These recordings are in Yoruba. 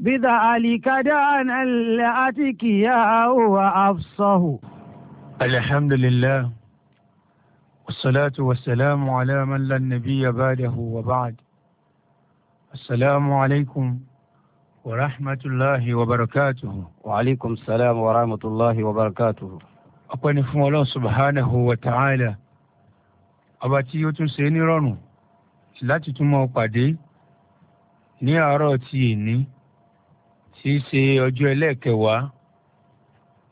بذلك دعنا لأتك يا هو أفصه الحمد لله والصلاة والسلام على من لا النبي بعده وبعد السلام عليكم ورحمة الله وبركاته وعليكم السلام ورحمة الله وبركاته أقول فم الله سبحانه وتعالى أباتي يتسيني رانو لا تتمو قدي ني àárọ̀ tí í ṣe ọjọ́ ẹlẹ́ẹ̀kẹwàá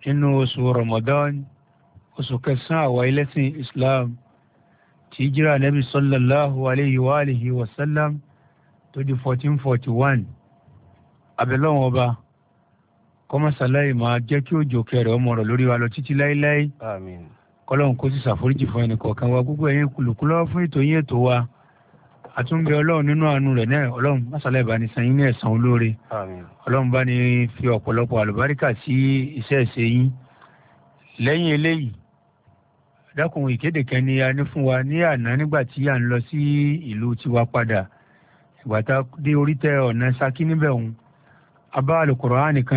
nínú oṣù Ramadan oṣù kẹsàn-án àwa ẹlẹ́sìn Islam tí jíra nẹ́bí sallallahu alayhi wa alihi wa sallam tó di fourteen forty one abẹ́lọ́wọ́n ọba kọ́mọ́sáláì máa jẹ́ kí òjò kẹrẹ̀ ọmọ rẹ̀ lórí wa lọ títí láéláé kọ́lọ́hún kó sì ṣàforíjì fún ẹnì kọ̀ọ̀kan wa gbogbo ẹ̀yin kùlùkùlọ́ fún ètò yín ètò wa. àtúnbẹ ọlọ́run nínú àánú rẹ̀ náà ọlọ́run masala ìbáni san yín ọlọ́run bá ní fi ọ̀pọ̀lọpọ̀ àlùbáríkà sí iṣẹ́ ìṣe yín lẹ́yìn eléyìí dákun ìkéde kan ni ní fún wa ní àná nígbà tí à lọ sí ìlú tiwa padà dé orí ọ̀nà níbẹ̀ òun abá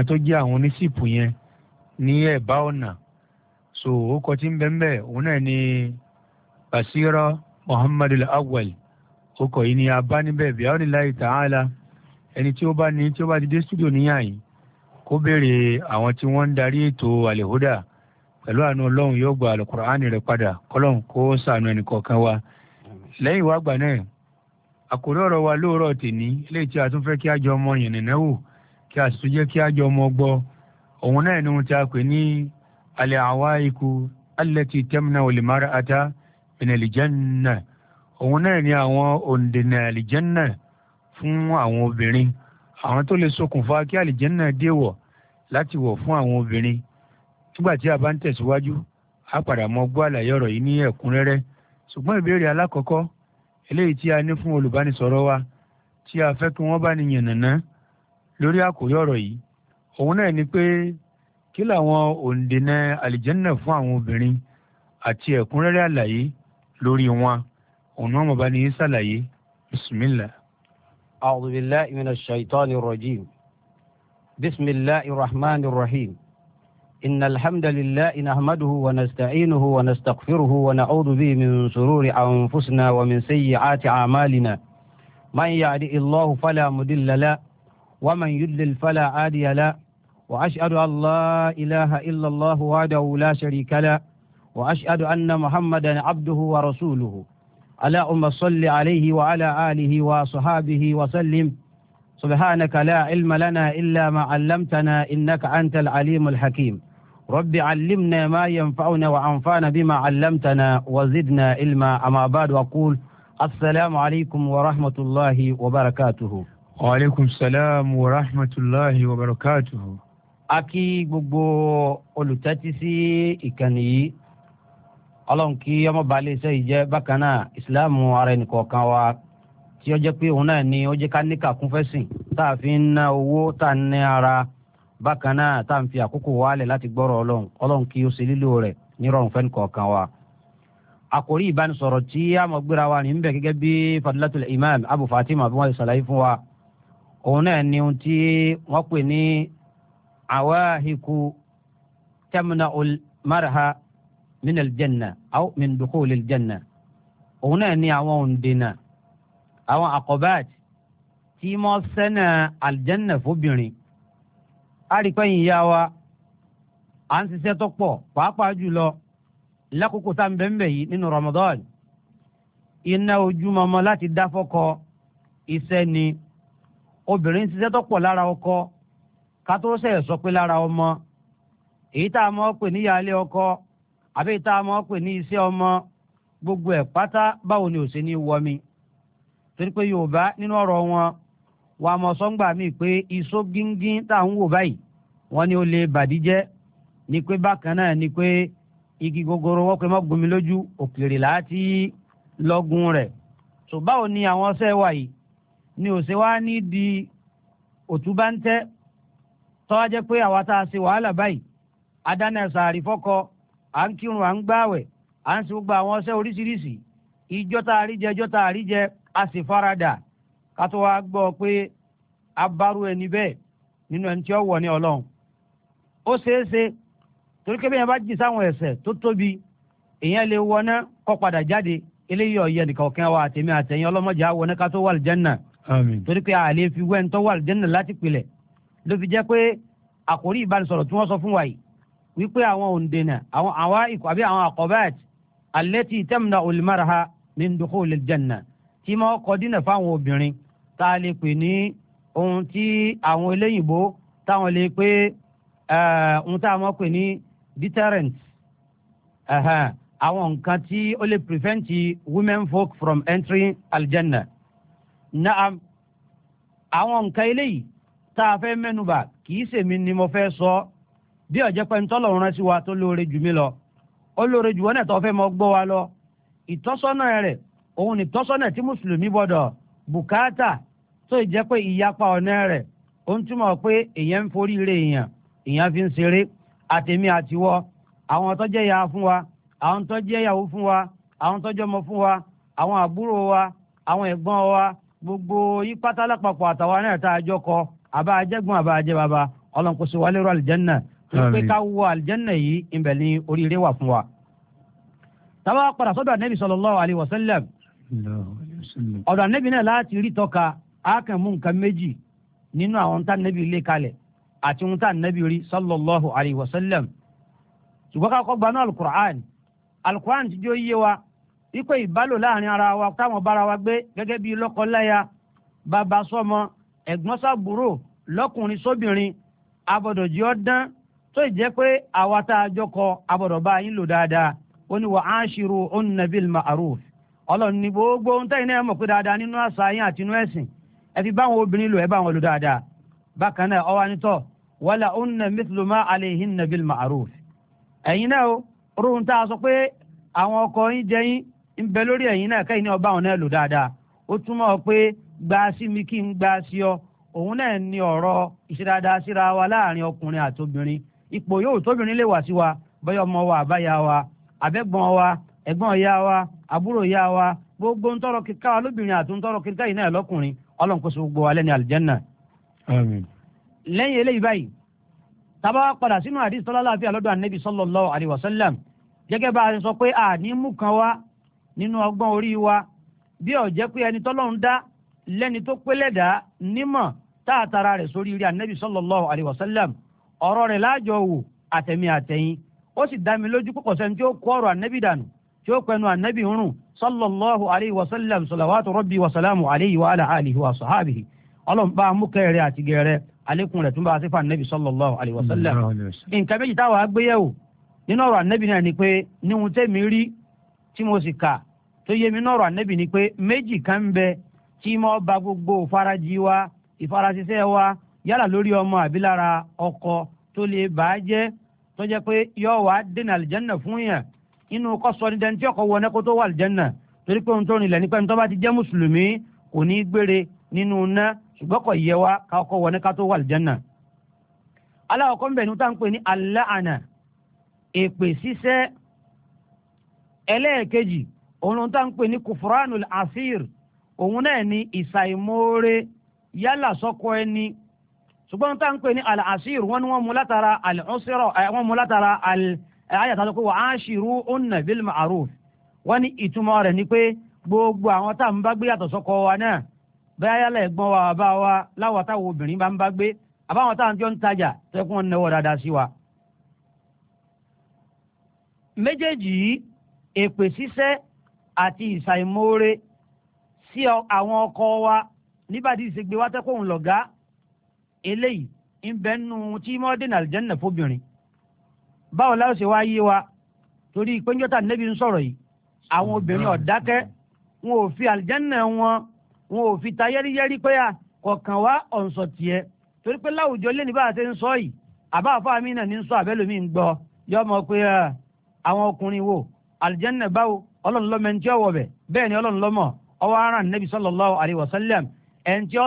tó jẹ́ yẹn ní ẹ̀bá ọ̀nà so ó kọ tí ń okọ̀ yìí ni a bá níbẹ̀ bí àwọn ìlà ta'ala ẹni tí ó bá ní tí ó bá ti dé studio níyàn yìí kó béèrè àwọn tí wọ́n ń darí ètò àlèhódà pẹ̀lú àánú ọlọ́run yóò gba àlùkùránì rẹ̀ padà kọ́lọ́run kó sànù ẹnì kọ̀ọ̀kan wa lẹ́yìn wá gbà náà àkórí ọ̀rọ̀ wa lóòrọ̀ tèní eléyìí tí a tún fẹ́ kí a jọ ọmọ yìnyínnáwó kí a sì tún jẹ́ kí a jọ ọmọ gbọ́ òun náà ni wọn ti pè ní alẹ́ àwa ikú allati tamna olùmárà ata min aljanna òun náà ni àwọn òǹdènà àlìjẹ́nà fún àwọn obìnrin àwọn tó lè ṣokùnfà kí àlìjẹ́nà déwọ̀ láti wọ̀ fún àwọn obìnrin nígbà tí a bá ń tẹ̀síwájú a padà mọ gbọ́ àlàyé ọ̀rọ̀ yìí ní ẹ̀kúnrẹ́rẹ́ ṣùgbọ́n ìbéèrè alákọ̀ọ́kọ́ eléyìí tí a ní fún olùbánisọ̀rọ̀ wa tí a fẹ́ kí wọ́n bá ní yànnàná lórí àkòrí ọ̀rọ̀ yìí òun náà ni pé kí làwọn òǹdènà àlìjẹ́nà fún àwọn obìnrin àti ẹ̀kúnrẹ́rẹ́ àlàyé lórí wọn. ونوم بني سلاي بسم الله أعوذ بالله من الشيطان الرجيم بسم الله الرحمن الرحيم إن الحمد لله نحمده ونستعينه ونستغفره ونعوذ به من شرور أنفسنا ومن سيئات أعمالنا من يهده الله فلا مضل له ومن يضلل فلا هادي له وأشهد أن لا إله إلا الله وحده لا شريك له وأشهد أن محمدا عبده ورسوله اللهم صل عليه وعلى آله وصحابه وسلم سبحانك لا علم لنا إلا ما علمتنا إنك أنت العليم الحكيم رب علمنا ما ينفعنا وأنفعنا بما علمتنا وزدنا علما أما بعد وأقول السلام عليكم ورحمة الله وبركاته وعليكم السلام ورحمة الله وبركاته أكي بو olùtẹ́tí sí ìkànnì ọlọ́run kí ọmọ baálé iṣẹ́ yìí jẹ́ bákan náà ìsìláàmù ara ẹnìkọ̀ọ̀kan wa tí ó jẹ́ pé òun náà ni ó jẹ́ ká níkà kún fẹ́sìn tá a fi ń ná owó tá a ní ara bákan náà tá a fi àkókò wálẹ̀ láti gbọ́rọ̀ ọlọ́run ọlọ́run kí ó ṣe lílo rẹ̀ nírọ̀rùn fẹ́ni kọ̀ọ̀kan wa. àkòrí ìbánisọ̀rọ̀ tí a gbéra wa ní bẹ̀ gẹ́gẹ́ bí fadilatul imam abu fatima bí wọ́n ṣàlàyé fún wa òun náà ni ohun tí wọ́n pè ní awahiku tamna ul min aljanna aw min dukuli aljanna òun náà ni àwọn òǹdènà àwọn àkọ́báàtì tí mọ́ sẹ́nà aljanna fóbìnrin àríkọ́yìn ìyá wa à ń ṣiṣẹ́ tó pọ̀ pàápàá jùlọ lákòókò tá à ń bẹ́ńbẹ́ yìí nínú Ramadan iná ojú mọ́mọ́ láti dá fọ́kọ iṣẹ́ ni obìnrin ṣiṣẹ́ tó pọ̀ lára ọkọ ká tó sọ pé lára ọmọ èyí tá a mọ̀ pé níyàálé ọkọ àbí tá a máa pè ní iṣẹ́ ọmọ gbogbo ẹ̀ pátá báwo ni ò ṣe ní wọmi torí pé yorùbá nínú ọ̀rọ̀ wọn wà á mọ sọ́ngbà míì pé iṣó gíngín tá à ń wò báyìí wọ́n ní ó lè bàdíjẹ́ ni pé bákan náà ni pé igi gogoro wọ́n pe mọ́ gbomi lójú òkèèrè láti lọ́gùn rẹ̀ tó báwo ni àwọn ọṣẹ wà yìí ni òṣè wa ní di òtúbá ń tẹ́ tọ́wá pé àwa tá a ṣe wàhálà báyìí adáná ẹ̀sà àrífọ́kọ à ń kírun à ń gbààwẹ̀ à ń ṣe gbogbo àwọn ọṣẹ́ oríṣiríṣi ìjọ tá a rí jẹ ìjọ tá a rí jẹ a sì farada ká tó wá gbọ́ pé a bárú ẹni bẹ́ẹ̀ nínú ẹni tí ó wọ̀ ní ọlọ́run ó ṣeé ṣe torí kébé yẹn bá jì sáwọn ẹ̀ṣẹ̀ tó tóbi èèyàn lè wọná kó padà jáde eléyìí ọ̀yẹ́ nìkan kẹ́ wa àtẹ̀mí àtẹ̀yìn ọlọ́mọdé àwọn ká tó wà lìjẹ́nà torí pé àlè fi wẹ́ńtọ́ wà lìjẹ́nà láti pilẹ̀ ló fi jẹ́ pé àkórí ìbánisọ̀rọ̀ tí wọ́n sọ fún wa yìí wípé àwọn òǹdènà àwọn àwa ikọ̀ àbí àwọn àkọ́bẹ́t allati tamna olùmọ́raha min dukhul aljanna tí ma kọ́ dínà fáwọn obìnrin tá a lè pè ní ohun tí àwọn eléyìnbó táwọn lè pé ohun tá a mọ̀ pè ní deterrent àwọn nǹkan tí ó lè prevent women folk from entering aljanna naam àwọn nǹkan eléyìí tá a fẹ́ mẹ́nuba kì í ṣèmi ni mo fẹ́ sọ. So, bí ọ̀jẹ̀ pẹ́ ńtọ́lọ̀ rán sí wa tó lóore jù mí lọ ó lóore jù wọ́n náà tó fẹ́ mọ gbọ́ wa lọ ìtọ́sọ́nà rẹ̀ òun ni ìtọ́sọ́nà tí mùsùlùmí gbọ́dọ̀ bùkátà tó jẹ́ pé ìyapa ọ̀nà rẹ̀ ó ń túmọ̀ pé èèyàn ń forí ire èèyàn èèyàn fi ń ṣeré àtèmi àtiwọ́ àwọn tó jẹ́ ìyá fún wa àwọn tó jẹ́ ìyàwó fún wa àwọn tó jẹ́ ọmọ fún wa àwọn àbúrò wa àwọn ẹ̀gbọ́n wa gbogbo yípátá lápapọ̀ àtàwọn náà tá a jọ bàbá ọlọ́nkóso wálé rọ pé ká wọ àlìjẹ́nà yìí ìbẹ̀ ni oríire wà fún wa. táwa padà sọ́dọ̀ ànẹ́bí sallallahu alaihi wasallam ọ̀dọ̀ ànẹ́bí náà láti rí tọ́ka ákànmú nǹkan méjì nínú àwọn tá ànẹ́bí lé kalẹ̀ àti ohun tá ànẹ́bí rí sallallahu alaihi wasallam ṣùgbọ́n ká kọ́ gbaná alukur'an alukur'an ti jó yé wa wípé ìbálò láàrin ara wa táwọn bára wa gbé gẹ́gẹ́ bíi lọ́kọ-láya bàbá sọ́mọ ẹ̀gbọ́n sábúrò lọ́kùnrin sóbìnrin abọ́dọ̀jì ọ̀dán tó ìjẹ́ pé àwa tá a jọ kọ abọ̀dọ̀ bá yín lò dáadáa ó ní wa ashiruhunna bil ma'ruf ọlọ́run ní gbogbo ohun tẹ́yìn náà mọ̀ pé dáadáa nínú àṣà yín àti inú ẹ̀sìn ẹ fi báwọn obìnrin lò ẹ báwọn lò dáadáa bákan náà ọwọ́ anitọ́ wala unna mithlu ma alayhinna bil ma'ruf ẹ̀yin náà rohun tá a sọ pé àwọn ọkọ yín jẹ yín ń bẹ lórí ẹ̀yin náà kẹ́yìn náà báwọn náà ọ ipò yóò tóbìnrin lè wà sí wa bóyá ọmọ wa àbáyá wa àbẹ́gbọ́n wa ẹ̀gbọ́n ìyá wa àbúrò ìyá wa gbogbo ntọ́rọ kíkà wa lóbìnrin àti ntọ́rọ kíkà yìí náà lọ́kùnrin ọlọ́run kó so gbogbo wa lẹ́ni àlìjẹ́nà. lẹ́yìn eléyìí báyìí tábà wá padà sínú àdìs tọ́lá láàfin àlọ́dọ̀ ànẹ́bí sallallahu alaihi wasallam gẹ́gẹ́ bá a sọ pé àní mú kan wá nínú ọgbọ́n orí wa bí ó jẹ́ pé ẹni tọ́lọ́run dá lẹ́ni tó pélé nímọ̀ táàtara rẹ̀ sórí rí ànẹ́bí sallallahu alaihi wasallam ọ̀rọ̀ rẹ̀ láàjọ wò àtẹ̀mí àtẹ̀yìn ó sì dá mi lójú púpọ̀ sẹ́ni tí ó kó ọ̀rọ̀ ànábì dànù tí ó pẹnu ànábì ń rùn sallallahu alayhi wa sallam salawatu rabbi wa salamu alayhi wa ala alihi wa sahabihi ọlọ́run bá amúkẹ́ rẹ̀ àti gẹ̀rẹ́ alekun rẹ̀ tún bá a sí fún ànábì sallallahu alayhi wa sallam nǹkan méjì táwa gbéyẹ̀wò nínú ọ̀rọ̀ ànábì náà ni pé níhun tẹ́mi rí tí mo sì kà tó yé mi nọ̀rọ̀ ànábì ni pé méjì kan bẹ tí mo ba gbogbo ìfarajì wa ìfarasíṣẹ́ wa yálà lórí ọmọ àbí lára ọkọ tó lè bàá jẹ́ tó jẹ́ pé yóò wá dènà àlìjánà fún yàn inú kọsọ ní dantí ọkọ wọn ẹkọ tó wà àlìjánà torí pé ohun tó rìn lẹ́ni pé ẹni tó bá ti jẹ́ mùsùlùmí kò ní í gbére nínú iná ṣùgbọ́n kò yẹ wá ká ọkọ wọn ẹka tó wà àlìjánà. aláwọ̀kọ́ ń bẹ̀ ní táwọn pè ní aláàánà èpè ṣíṣẹ́ ẹlẹ́ẹ̀kejì òun táwọn pè ní kùfùránù àṣír òun náà ní ìsàìmóore yálà sọ́kọ ẹni ṣùgbọ́n tá à ń pè ní al-asir wọn ni wọ́n mú látara al-usra wọ́n mú látara ayàtà tó kó wa ashiruhunna bil ma'ruf wọ́n ní ìtumọ̀ rẹ̀ ni pé gbogbo àwọn tá à bá gbé yàtọ̀ sọ́kọ wa náà bẹ́ẹ̀ yálà ẹ̀gbọ́n wa bá wa láwọn táwọn obìnrin bá ń bá gbé àbáwọn táwọn jọ ń tajà tẹ́kùn náwó dáadáa sí wa. méjèèjì yìí èpè ṣíṣẹ́ àti ìṣàìmoore sí àwọn ọkọ wa nígbà tí ìṣègbè wa tẹ́kùn lọ̀gá eléyìí ń bẹ nínú tí mọ́dínà àlìjẹ́nà fóbìnrin báwo la ṣe wá yé wa torí péńjọ́tà nẹ́bí ń sọ̀rọ̀ yìí àwọn obìnrin ọ̀dákẹ́ wọn ò fi àlìjẹ́nà wọn wọn ò fi ta yẹ́rìyẹ́rì pé kọ̀ọ̀kan wá ọ̀nsọ̀ tiẹ̀ torí pé láwùjọ lẹ́ni bá a ṣe ń sọ yìí àbá àfáà mi náà ní ń sọ àbẹ́lómi ń gbọ́ yọ ọmọ pé àwọn ọkùnrin wo àlìjẹ́nà báwo ọlọ́run lọ́mọ ẹni bẹ́ẹ̀ ni ọlọ́run ọwọ́ ara nẹ́bí sallallahu alaihi wasallam ẹni tí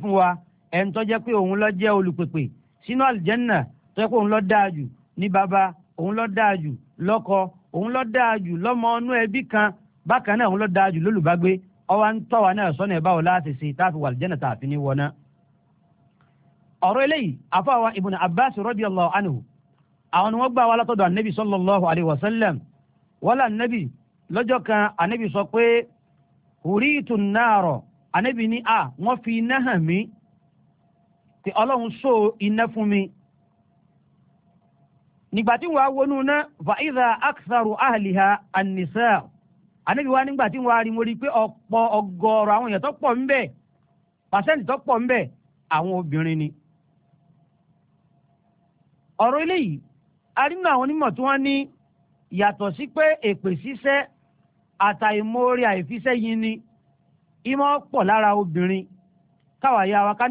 fún wa ẹni tó jẹ́ pé òun ló jẹ́ olùpèpè sínú àlìjẹ́nà tó jẹ́ pé òun ló dáa jù ní bàbá òun ló dáa jù lọ́kọ òun ló dáa jù lọ́mọ ọnú ẹbí kan bákan náà òun ló dáa jù lólùbágbé ọwọ́ ń tọ́ wa náà sọ́nà ìbáwò láti ṣe táàfin wà àlìjẹ́nà tààfin ní wọná. ọ̀rọ̀ eléyìí àfọwọ́ ibùn abbas radiyallahu anhu àwọn ni wọ́n gbà wá látọ̀dọ̀ ànábì sallallahu alayhi wa sallam wọ́n là ànábì lọ́jọ́ kan ànábì sọ pé hùrìtù náàrọ̀ ànábì ní à wọ́n fi iná hàn mí tí ọlọ́run sọ iná fún mi nígbà tí wàá wọnú ná vaidha aktharu ahliha anisa anabi wa nígbà tí wàá rí mo rí pé ọ̀pọ̀ ọgọ́rọ̀ àwọn èèyàn tó pọ̀ ńbẹ̀ pàṣẹ́ǹtì tó pọ̀ ńbẹ̀ àwọn obìnrin ni ọ̀rọ̀ eléyìí arínú àwọn onímọ̀ tí wọ́n ní yàtọ̀ sí pé èpè ṣíṣẹ́ àtàìmórí àìfiṣẹ́ yìí ni ìmọ̀ pọ̀ lára obìnrin káwáyà wa ká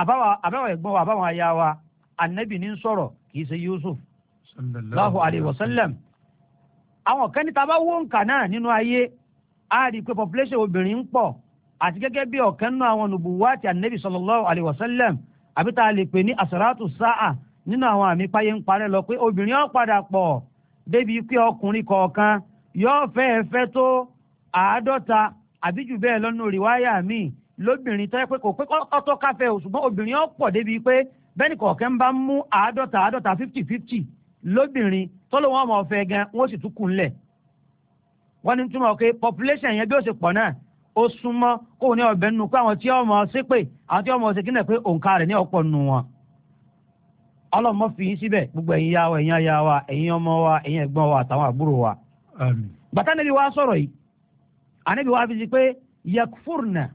abawa ẹ̀gbọ́n wa abawa aya wa anabi ní sọ̀rọ̀ kì yusuf sallallahu alayhi wa sallam àwọn kan ní wonka bá wó nǹkan a rí i pé population obìnrin ń pọ̀ àti gẹ́gẹ́ bí ọ̀kan nínú àwọn anabi sallallahu alayhi wa sallam àbí tá a lè asaratu sa'a nínú àwọn àmì páyé ń parẹ́ lọ pé obìnrin ó padà pọ̀ débi pé ọkùnrin kọ̀ọ̀kan yóò fẹ́ẹ́ fẹ́ tó àádọ́ta àbí jù lóbìnrin tó yẹ pé kò pé o ṣùgbọ́n obìnrin ó pọ̀ débi pé bẹ́ẹ̀ni kọ̀ọ̀kẹ́ ń bá mú àádọ́ta àádọ́ta fifty fifty lóbìnrin tọ́lọ́ wọn máa fẹ́ gan wọ́n sì tún kù wọ́n ní túmọ̀ pé population yẹn bí ó ṣe pọ̀ náà ó súnmọ́ kó ní nínú pé gbogbo ẹ̀yin ya wa ẹ̀yin aya wa ẹ̀yin ọmọ wa wa àtàwọn àbúrò wa. wa sọ̀rọ̀ yìí wa fi si pé yakfurna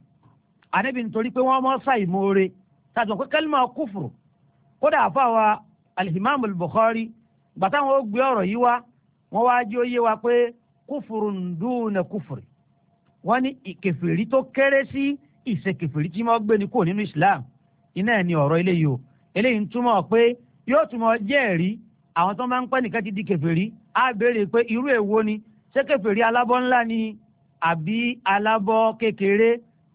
ànábì nítorí pé wọ́n mọ́ ṣàì mọ́ọ́re tàbí pé kálímà kúfùrù kódà àfàwà alhimam al-bukhari gbàtà wọn ó gbé ọ̀rọ̀ yìí wá wọ́n wá jí ó yé wa pé kúfùrù ń dúnà kúfùrù wọ́n ní kèfèrí tó kéré sí ìṣe kèfèrí tí wọ́n gbé ni kúrò nínú islam iná ẹ̀ ni ọ̀rọ̀ eléyìí o eléyìí ń túmọ̀ pé yóò túmọ̀ jẹ́ẹ̀rí àwọn tó máa ń pẹ́ nìkan ti di kèfèrí á béèrè pé irú èwo ni ṣé kèfèrí alábọ́ ńlá ni àbí alábọ́ kékeré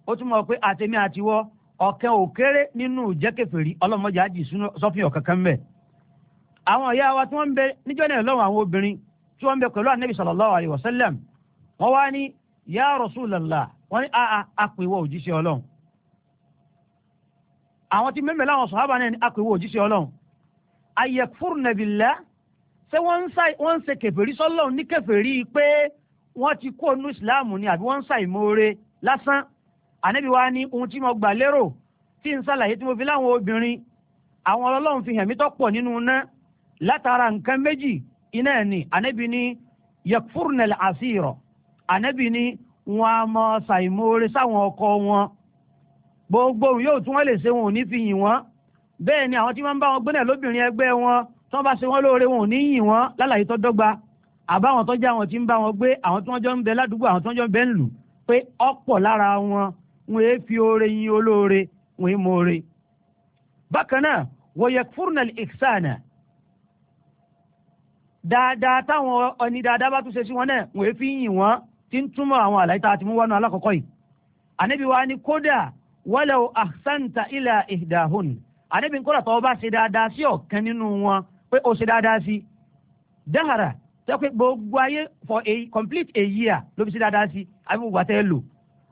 ó tún mọ̀ pé àtẹ̀mí àtiwọ́ ọ̀kẹ́ òkéré nínú ìjẹ́kẹfẹ̀rí ọlọ́mọdé àjì sọ́fìn ọ̀kankan mẹ́. àwọn ìyá wa tí wọ́n ń bẹ níjọ́ náà lọ́wọ́ àwọn obìnrin tí wọ́n ń bẹ pẹ̀lú anabi sallallahu alayhi wa sallam wọ́n wá ní ya rasulallah wọ́n ní àà àpèwọ́ òjíṣẹ́ ọlọ́run. àwọn tí mẹ́mẹ́ láwọn sọ̀hábà náà ní àpèwọ́ òjíṣẹ́ ọlọ́run. ayakfurna billah ṣé wọ́n ń ṣe kẹfẹ́rí sọ́lọ́run ní kẹfẹ́rí pé wọ́n ti kó onú ìsìláàmù ni àbí wọ́n ń ṣàìmóore lásán ànábì wa ní ohun tí mo gbà lérò tí n ṣàlàyé tí mo fi láwọn obìnrin àwọn ọlọ́run fi hàn mí tó pọ̀ nínú iná látara nǹkan méjì iná ẹ̀ ní ànábì ní yakfurnal asiro ànábì ní wọn a mọ ṣàìmoore sáwọn ọkọ wọn gbogbo yóò tún wọn lè ṣe wọn ò ní fi yìn wọn bẹ́ẹ̀ ni àwọn tí wọ́n ń bá wọn gbénà lóbìnrin ẹgbẹ́ wọn tí wọ́n bá ṣe wọ́n lóore wọn ò ní yìn wọn lálàyé tó dọ́gba àbáwọn tó já wọn tí ń bá wọn gbé àwọn tí wọ́n jọ ń bẹ ládùúgbò àwọn tí wọ́n jọ ń bẹ ń lù pé ọ̀pọ̀ lára wọn wọn èé fi oore yin olóore wọn èé mọ̀ọ́re. bákan náà wọ̀yẹ̀ fúrúnàlì ìsànà dáadáa táwọn ọ̀ni dáadáa bá tún ṣe sí wọn náà wọn èé fi yìn wọ́n tí ń túmọ̀ àwọn àlàyé tá a ti mú wọnú alákọ̀ọ́kọ́ yìí. ànábi wa ni kódà walaw ahsanta ila ihdahun ànábi kódà tó o bá ṣe dáadáa sí ọ̀kan nínú wọn pé o ṣe dáadáa sí dáhàrà tẹ́kọ̀ gbogbo ayé for a complete a year ló fi ṣe dáadáa sí àbí gbogbo àtẹ́ lò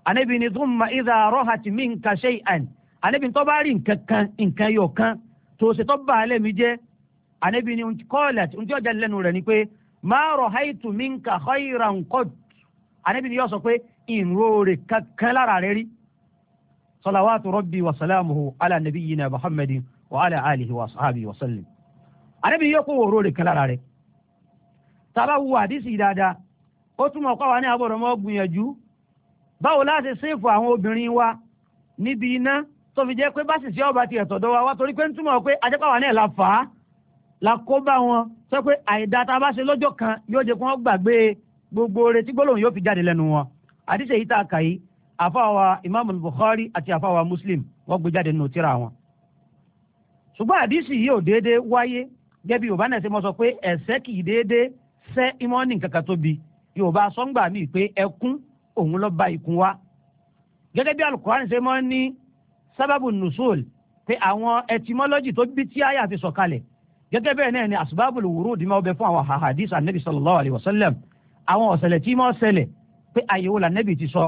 anabi ni thumma idha rahat minka shay'an anabi tó bá rí nǹkan kan nǹkan yọ̀ kan tó ṣe tó bá alẹ́ mi jẹ́ anabi ni qalat ntí ọjà lẹ́nu rẹ̀ ni pé ma rahaitu minka khayran qad anabi ni yóò sọ pé ìnróore kankan lára rẹ̀ rí salawatu rabbi wa salamuhu ala nabiyyina muhammadin wa ala alihi wa sahabi wa sallim anabi yóò kó wòró rẹ̀ kan lára rẹ̀ tàbá wu àdìsí dáadáa ó túmọ̀ kọ́ wa ní àbọ̀rọ̀ mọ́ báwo la ṣe ṣèfù àwọn obìnrin wa níbi iná tó fi jẹ́ pé bá sì ṣe ọba ti ẹ̀tọ̀dọ̀ wa wá torí pé ń túmọ̀ pé ajẹ́pàwá náà la fà á la kó bá wọn sọ pé àìdá tá a bá ṣe lọ́jọ́ kan yóò jẹ́ kí wọ́n gbàgbé gbogbo retí gbólóhùn yóò fi jáde lẹ́nu wọn àdìsẹ́ yìí tá a kà yìí àfàwà Imam Bukhari àti àfàwà Muslim wọ́n gbé jáde nínú tírà wọn. ṣùgbọ́n àdìsí yìí ò déédéé wáyé gẹ́bí yorùbá náà ṣe mọ́ sọ pé ẹ̀sẹ̀ kì í déédéé sẹ́ ìmọ̀ọ́nì kankan tóbi yorùbá sọ́ngbà míì pé ẹkún òun lọ bá ikùn wa gẹ́gẹ́ bí alukurani ṣe máa ń ní sábàbù nùsùl pé àwọn etymology tó bí tí àyà fi sọ̀kalẹ̀ gẹ́gẹ́ bẹ́ẹ̀ náà ni asubabul wurud máa bẹ fún àwọn ahadis anabi sallallahu alayhi wa sallam àwọn ọ̀sẹ̀lẹ̀ tí máa ṣẹlẹ̀ pé àyẹ̀wò la nẹ́bi ti sọ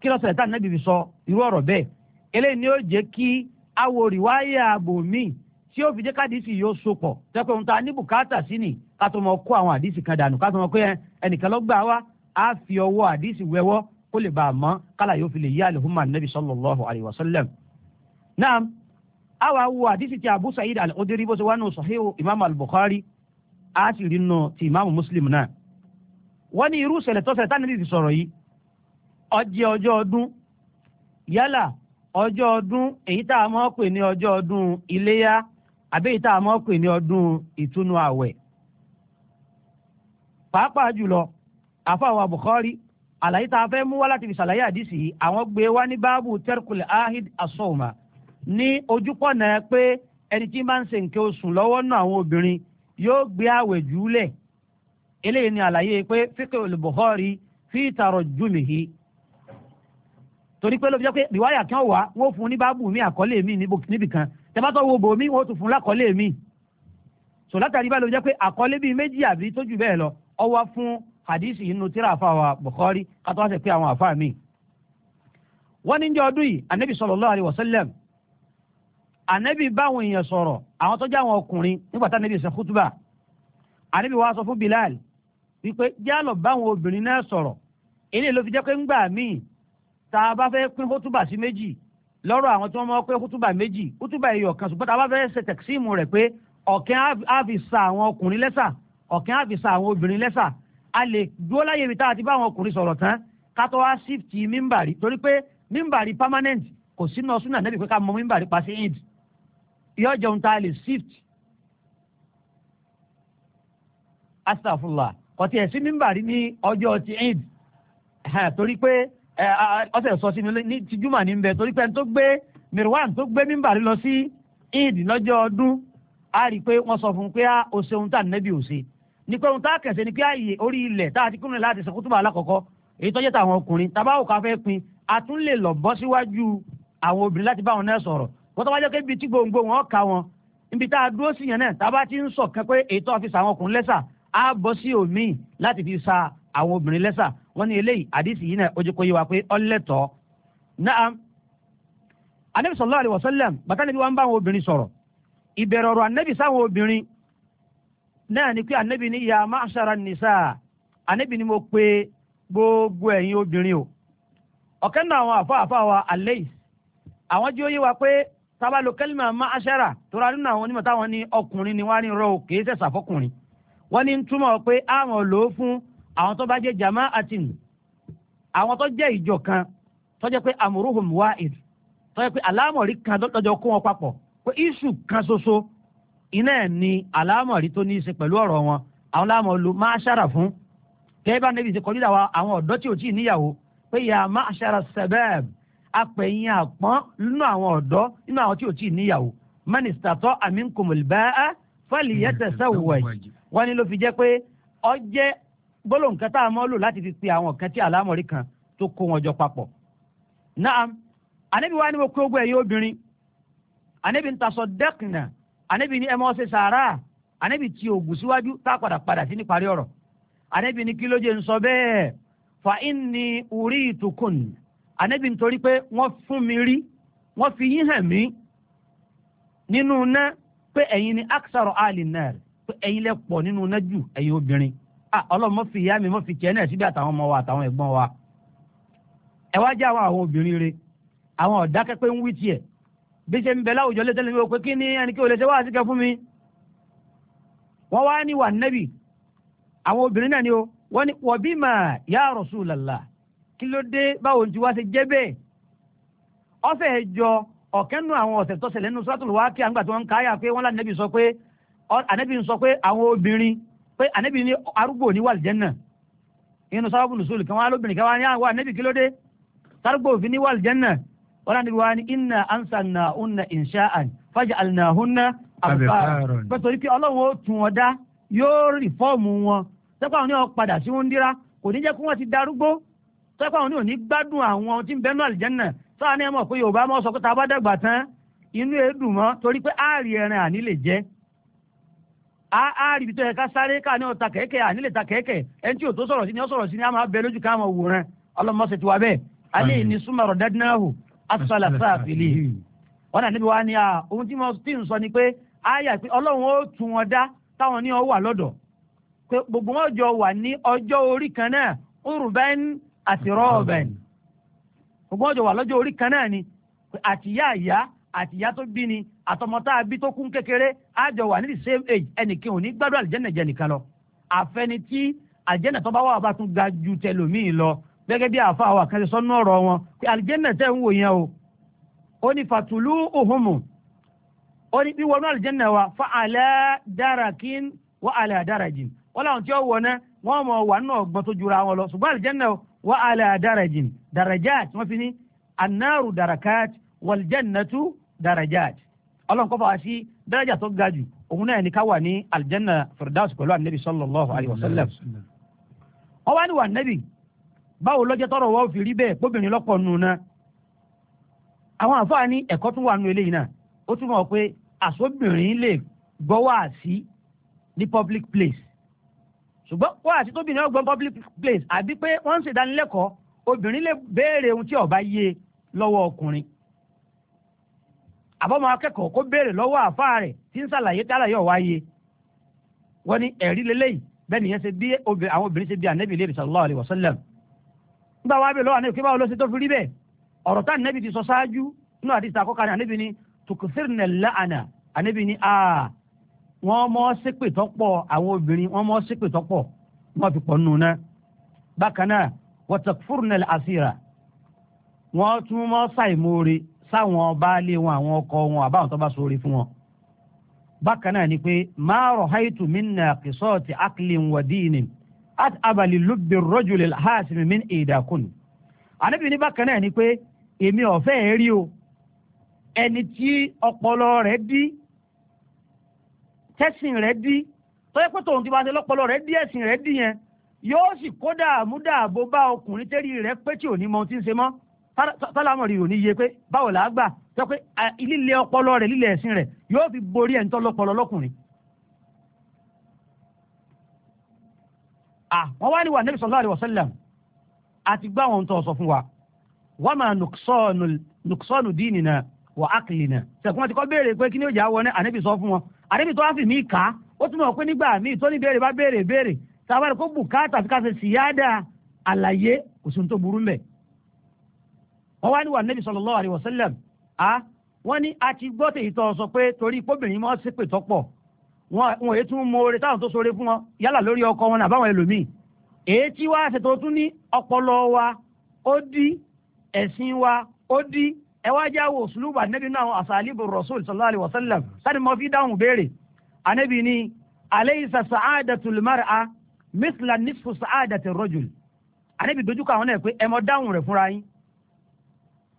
kí lọ́sẹ̀lẹ̀ tá nẹ́bi fi sọ irú ọ̀rọ̀ bẹ́ẹ̀ eléyìí ni ó jẹ́ kí awo rìwáyà àbòmí tí ó fi jẹ́ kádìsì yóò sopọ̀ tẹ́pẹ́ ohun tá a ní bùkátà sí ni ká tó mọ kó àwọn àdìsì kan dànù ká tó mọ kó ẹnìkan lọ gbà wá á fi ọwọ́ àdísì wẹ́wọ́ kó lè bá a mọ́ kálá yóò fi lè yí àlùhùmà nàbì sallallahu alayhi wa sallam. naam àwa wo àdísì ti abu sa'id al-udiri bó ṣe wà nù sahihu imam al-bukhari á sì rí nù ti imam muslim náà. wọ́n ní irú ìṣẹ̀lẹ̀ tó ṣẹlẹ̀ tánilì ti sọ̀rọ̀ yìí ọjẹ́ ọjọ́ ọdún yálà ọjọ́ ọdún èyí tá a mọ̀ pè ní ọjọ́ ọdún iléyá àbí èyí tá a mọ̀ pè ní ọdún ìtúnu àwẹ̀ pàápàá jùlọ àfàwọn Bukhari àlàyé tá a fẹ́ mú wá láti fi ṣàlàyé àdìsí yìí àwọn gbé wá ní báàbù terkul ahid asoma ní ojúpọ̀nà pé ẹni tí máa ń ṣe nǹkan oṣù lọ́wọ́ náà àwọn obìnrin yóò gbé àwẹ̀ jùlẹ̀ eléyìí ni àlàyé pé fíkẹ́ olùbọ̀họ́rí fi ìtàrọ̀ jùmìhì torí pé ló fi jẹ́ pé ìwáyà kan wà wọ́n fún ní báàbù mi àkọlé mi níbìkan tẹ́bátọ́ wo bò mí wọ́n tún fún lákọlé mi sọ látàrí báyìí ló fi jẹ́ pé àkọlé bíi méjì àbí tó bẹ́ẹ̀ lọ ọwọ́ fún hadisi yìí nù tíra àfa wa Bukhari kátó wá sẹ pé àwọn àfa mi. wọ́n ní ní ọdún yìí anabi sallallahu alaihi wasallam anabi báwọn èèyàn sọ̀rọ̀ àwọn tó jẹ́ àwọn ọkùnrin nígbà tá anabi ṣe kútúbà anabi wa sọ fún Bilal wípé jálọ báwọn obìnrin náà sọ̀rọ̀ eléyìí ló fi jẹ́ pé ńgbà míì tá a bá fẹ́ pín kútúbà sí méjì lọ́rọ̀ àwọn tí wọ́n mọ̀ pé kútúbà méjì kútúbà ẹ̀yọ̀ kan ṣùgbọ́n tá a bá fẹ́ ṣe tẹ̀síìmù rẹ̀ pé ọ̀kẹ́ á sa àwọn ọkùnrin lẹ́sà ọ̀kẹ́ á sa àwọn obìnrin lẹ́sà a lè dúró láyè ibi tá a ti bá àwọn ọkùnrin sọ̀rọ̀ tán ká tó wá torí pé mímbàrí permanent kò sínú ọ̀sùn náà níbi pé ká mọ mímbàrí pa id jẹun tá a lè sift astafula kọtí tiẹ̀ sí mímbàrí ní ọjọ́ ti id torí pé sọ sí ní ní bẹ torí pé ẹni tó gbé mirwan tó gbé a rí i pé sọ fún un pé ó ah, ní pé ohun tá a kẹsẹ̀ ni pé ààyè orí ilẹ̀ tá a ti kúrò láti sọkútùbà alákọ̀ọ́kọ́ èyí tó jẹ́ tàwọn ọkùnrin tábà òkà fẹ́ pin a tún lè lọ bọ́ síwájú àwọn obìnrin láti bá wọn náà sọ̀rọ̀ wọ́n tó bá jẹ́ pé ibi tí gbòǹgbò wọn kà wọn níbi tá a dúró sí yẹn náà tábà ti ń sọ kẹ́ pé èyí tó fi sàwọn ọkùnrin lẹ́sà á bọ́ sí òmíì láti fi sa àwọn obìnrin lẹ́sà wọ́n ní eléyìí àdìsí yìí náà ó jẹ́ kó wa pé ọlẹ́tọ̀ọ́ náà anabi sallallahu alaihi wasallam bàtà níbi wọn bá àwọn obìnrin sọ̀rọ̀ ìbẹ̀rẹ̀ ọ̀rọ̀ anabi sáwọn obìnrin náà ni pé ànábì ní ya ma'shara nisa ànábì ni mo pe gbogbo ẹ̀yin obìnrin o ọ̀kẹ́ náà àwọn àfa wa alẹ́ yìí àwọn jí ó yé wa pé tábàlù kẹ́lìmà ma'shara tó ra nínú àwọn onímọ̀ táwọn ní ọkùnrin ni wọ́n á ní rọ òkè sẹ̀sà fọkùnrin wọ́n ní ń túmọ̀ pé àwọn lò ó fún àwọn tó bá jẹ́ jama'atin àwọn tó jẹ́ ìjọ kan tó pé amuruhum wa'id tó jẹ́ pé alámọ̀rí kan tó kó wọn papọ̀ pé iṣu kan ṣoṣo iná ẹ̀ ni àlámọ̀rí tó ní í ṣe pẹ̀lú ọ̀rọ̀ wọn àwọn láàmú lu máa ṣàrà fún kẹ́ẹ́ bá níbi ìṣèkọjú dàwa àwọn ọ̀dọ́ tí ò tí ì níyàwó pé ìyá máa ṣàrà sẹ́bẹ̀m apẹ̀yìn àpọ́n nínú àwọn ọ̀dọ́ nínú àwọn tí ò tí ì níyàwó mínísítà tó àmì ń kòmòlì bẹ́ẹ̀ fẹ́ẹ̀lì yẹn tẹ̀sẹ̀ wọ̀nyí wọ́n ní ló fi jẹ́ pé ọ gbólóhùn kan anabi ni ẹ mọ ṣe sàárà anabi ti ògùn síwájú tá a padà padà sí ní parí ọ̀rọ̀ anabi ni kílódé ń sọ bẹ́ẹ̀ fa inni uri tukun anabi nítorí pé wọ́n fún mi rí wọ́n fi yín hàn mí nínú iná pé ẹ̀yin ni aksaro ali náà pé ẹ̀yin lẹ pọ̀ nínú iná jù ẹ̀yin obìnrin ah ọlọ́run mọ́ fi ìyá mi mọ́ fi tiẹ̀ náà síbi àtàwọn ọmọ wa àtàwọn ẹ̀gbọ́n wa ẹ wá jẹ́ àwọn àwọn obìnrin rẹ̀ àwọn ọ̀dákẹ́ pé ń wí tiẹ̀ bí ṣe ń bẹ láwùjọ lé tẹ́lẹ̀ mi ò pé kí ni ẹni kí o lè ṣe wáhásí kẹ fún mi wọ́n wá ní wà àwọn obìnrin náà ni o wọ́n ní wọ̀bí mà yá Rasulullah kí ló dé báwo ju wá ṣe jẹ́ bẹ́ẹ̀ ọ̀sẹ̀ ẹ̀jọ ọ̀kẹ́nu àwọn ọ̀sẹ̀ tó ṣẹlẹ̀ nínú suratul Waqi'ah àgbà tí wọ́n ń káyà pé wọ́n lá nẹ́bì sọ pé ànẹ́bì ń sọ pé àwọn obìnrin pé ànẹ́bì ní arúgbó ní wà lìjẹ́nà inú sábàbù nùsùlù kí wọ́n á kí wọ́n ní àwọn ànẹ́bì kí ló dé sárúgbó òfin ní wà lìjẹ́nà ọ̀rọ̀ níbi wa ni inna ansanna unna insha'an faj'alnahunna abukar pẹ̀tọ́ yìí pé ọlọ́run ó tún wọn dá yóò rí fọ́ọ̀mù wọn sẹ́pọ̀ àwọn ní wọn padà sí wọn dírá kò ní jẹ́ kí wọ́n ti darúgbó sẹ́pọ̀ àwọn ní òní gbádùn àwọn tí ń bẹ́nu àlìjẹ́nà sáà ní ẹ mọ̀ pé yorùbá mọ̀ sọ pé tá a bá dàgbà tán inú èédùn mọ́ torí pé áàrì ẹran àní lè jẹ́ áàrì ibi asfala sáfìlì wọn náà níbi wá ní a ohun tí mo ti ń sọ ni pé àyà pé ọlọ́run ó tún wọn dá táwọn ní ọ wà lọ́dọ̀ pé gbogbo wọn jọ wà ní ọjọ́ orí kan náà urban àti rọ́ọ̀bẹ̀n gbogbo wọn jọ wà lọ́jọ́ orí kan náà ni àti ìyá ìyá àti ìyá tó bí ni àtọmọ tá a bí tó kún kékeré á jọ wà ní the same age ẹnìkan ò ní gbádùn àlìjẹ́nà jẹ nìkan lọ àfẹni tí àjẹ́nà tó bá wà bá tún ga ju tẹlòmíì lọ gẹ́gẹ́ bí àáfàá wa kan ṣe sọ́nú ọ̀rọ̀ wọn pé àlìjẹ́nà tẹ̀ ń wò yẹn o ó ní fàtúlù òhùnmù ó ní wíwọnú àlìjẹ́nà wa fa àlẹ́ dára kí n wọ́n àlẹ́ àdára jìn wọ́n làwọn tí ó wọ̀ náà wọ́n mọ̀ wà nínú ọ̀gbọ́n tó jura wọn lọ ṣùgbọ́n àlìjẹ́nà wọ́n àlẹ́ àdára jìn darajat wọ́n fi ní anáàrù darakat wàlìjẹ́nàtú darajat ọlọ́run tó ga jù òun báwo lọ́jọ́ tọrọ wọ́n fi rí bẹ́ẹ̀ gbóbìnrin lọ́pọ̀ nù náà àwọn àǹfààní ẹ̀kọ́ tún wà nù eléyìí náà ó túmọ̀ pé àsóbìnrin lè gbọ́ ní public place ṣùgbọ́n wáàsí tóbìnrin ọgbọ́n public place àbí pé wọ́n ń ṣèdánilẹ́kọ̀ọ́ obìnrin lè béèrè ohun tí ó yé lọ́wọ́ ọkùnrin àbọ̀mọ̀ akẹ́kọ̀ọ́ kó béèrè lọ́wọ́ àfáà rẹ̀ tí ń ṣàlàyé tálàyé ọ̀wá yé wọ́n ní ẹ̀rí bẹ́ẹ̀ ṣe bí àwọn obìnrin ṣe nígbà wàá bẹ̀ lọ́wọ́ àná ìpínlẹ̀ báwo ló ṣe tó fi rí bẹ́ẹ̀ ọ̀rọ̀ tá ànábì ti sọ ṣáájú nínú àdìsí àkọ́kọ́ ni ànábì ni tùkùsírìnà láàánà ànábì ni a wọ́n mọ́ ṣépè tọ́pọ̀ àwọn obìnrin wọ́n mọ́ ṣépè tọ́pọ̀ wọ́n fi pọ̀ nù náà bákan náà wọ́tàkùfúrìnà àṣírà wọ́n tún mọ́ ṣàìmoore sáwọn baálé wọn àwọn ọkọ wọn àbáwọn tó bá sóore fún wọn bákan náà ni pé máa rọ̀ háìtù mí nà kìsọ́ọ̀tì ákìlì wọ̀dí nìyí at abali lubbi rojuli haasimi min idakun anabi ní bákan náà ni pé èmi ọ̀fẹ́ rí o ẹni tí ọpọlọ rẹ̀ dí tẹ́sìn rẹ̀ dí tọ́yẹ́ pé tòun ti bá ṣe lọ́pọlọ rẹ̀ dí ẹ̀sìn rẹ̀ dí yẹn yóò sì kó dààmú dààbò bá ọkùnrin tẹ́rì rẹ̀ pé tí ò ní mọ ohun tí ń ṣe mọ́ tọ́lámọ̀ rí òní yé pé báwo làá gbà tọ́ pé líle ọpọlọ rẹ̀ líle ẹ̀sìn rẹ̀ yóò fi borí ẹ̀ ń tọ́ lọ́pọlọ lọ́kùnrin àwọn ah, wá ní wà nẹ́bí sallallahu alaihi wasallam àti gbá wọn tó sọ fún wa wọ́n máa nùkṣọ́nù dínìna wà ákìlìna sẹ̀kún wọn ti kọ́ béèrè pé kí ni ó jà wọ ní ànẹ́bí sọ fún wọn ànẹ́bí tó wá fi mí kà á ó túnmọ̀ pé nígbà míì tó ní béèrè bá béèrè béèrè tàbí kó bùkátà fi káṣe síyáàdà àlàyé kò sí ní tó burú mẹ́ wọ́n wá ní wà nẹ́bí sallallahu alaihi wasallam ah, wọ́n ní a gbọ́ wọn èyí tún mọ oore táwọn tó ṣoore fún wọn yálà lórí ọkọ wọn àbáwọn ẹlòmíì èyí tí wàá ṣètò tún ní ọpọlọ wa ó dí ẹ̀sìn wa ó dí ẹ wo sùlùbà nẹ́bí náà àṣàlìbù rasul sallallahu alayhi wa sallam sani mo fi dáhùn béèrè anabi ni alaysa sa'adatul mar'a misla nisfu sa'adatir rajul anabi dojúkọ àwọn náà pé ẹ mọ dáhùn rẹ̀ fúnra yín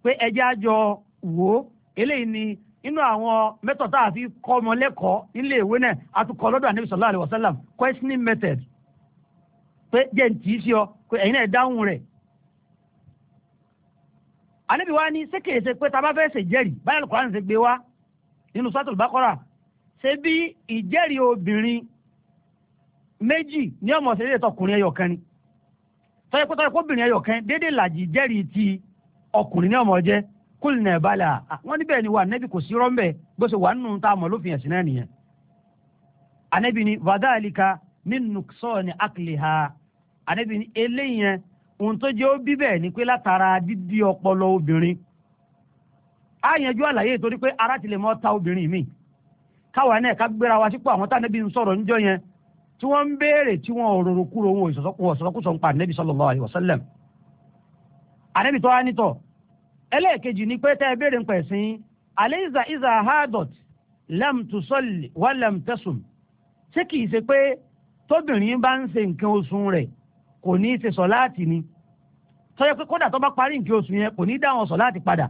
pé ẹ já jọ eléyìí ni inú àwọn mẹ́tọ̀ tá a fi kọ́ ọmọ lẹ́kọ̀ọ́ nílé ìwé náà a tún kọ́ lọ́dọ̀ àníbi sallallahu alaihi wasallam questioning method pé jẹ́ ń tì í sí ọ pé ẹ̀yin wa ni sékèèsè pé tá a bá fẹ́ ṣe jẹ́rìí báyọ̀ lùkọ́ àti wa nínú suratul Baqara ṣe bí ìjẹ́rìí obìnrin méjì ní ọmọ ṣe déédéé tọkùnrin ni tọ́jú pé obìnrin ẹyọ déédéé kúlìnà ìbálà wọn níbẹ̀ ni wa nẹ́bí kò sí rọ́ńbẹ́ gbèsè wà nínú tá a lófin ẹ̀sìn náà nìyẹn. ni vadalika nínú sọ́ọ̀ni ni eléyẹn ohun tó jẹ́ ó bí ni ọpọlọ obìnrin A yanjú alaye torí pé ara ti lè mọ́ ta obìnrin mi káwa náà ká gbéra wa sípò àwọn tánẹ́bí ń tí ń béèrè tí kúrò wọn ẹlẹ́ẹ̀kejì ni pé tá ẹ béèrè ń pẹ̀ sí alẹ́ ìzà ìzà haadot lam tusọ́lì wà lam tẹ̀sùn ṣé kìí ṣe pé tóbìnrin bá ń ṣe nǹkan oṣù rẹ̀ kò ní í ṣe sọ láti ni tọ́jọ́ pé kódà tó bá parí nǹkan oṣù yẹn kò ní í dá wọn sọ láti padà.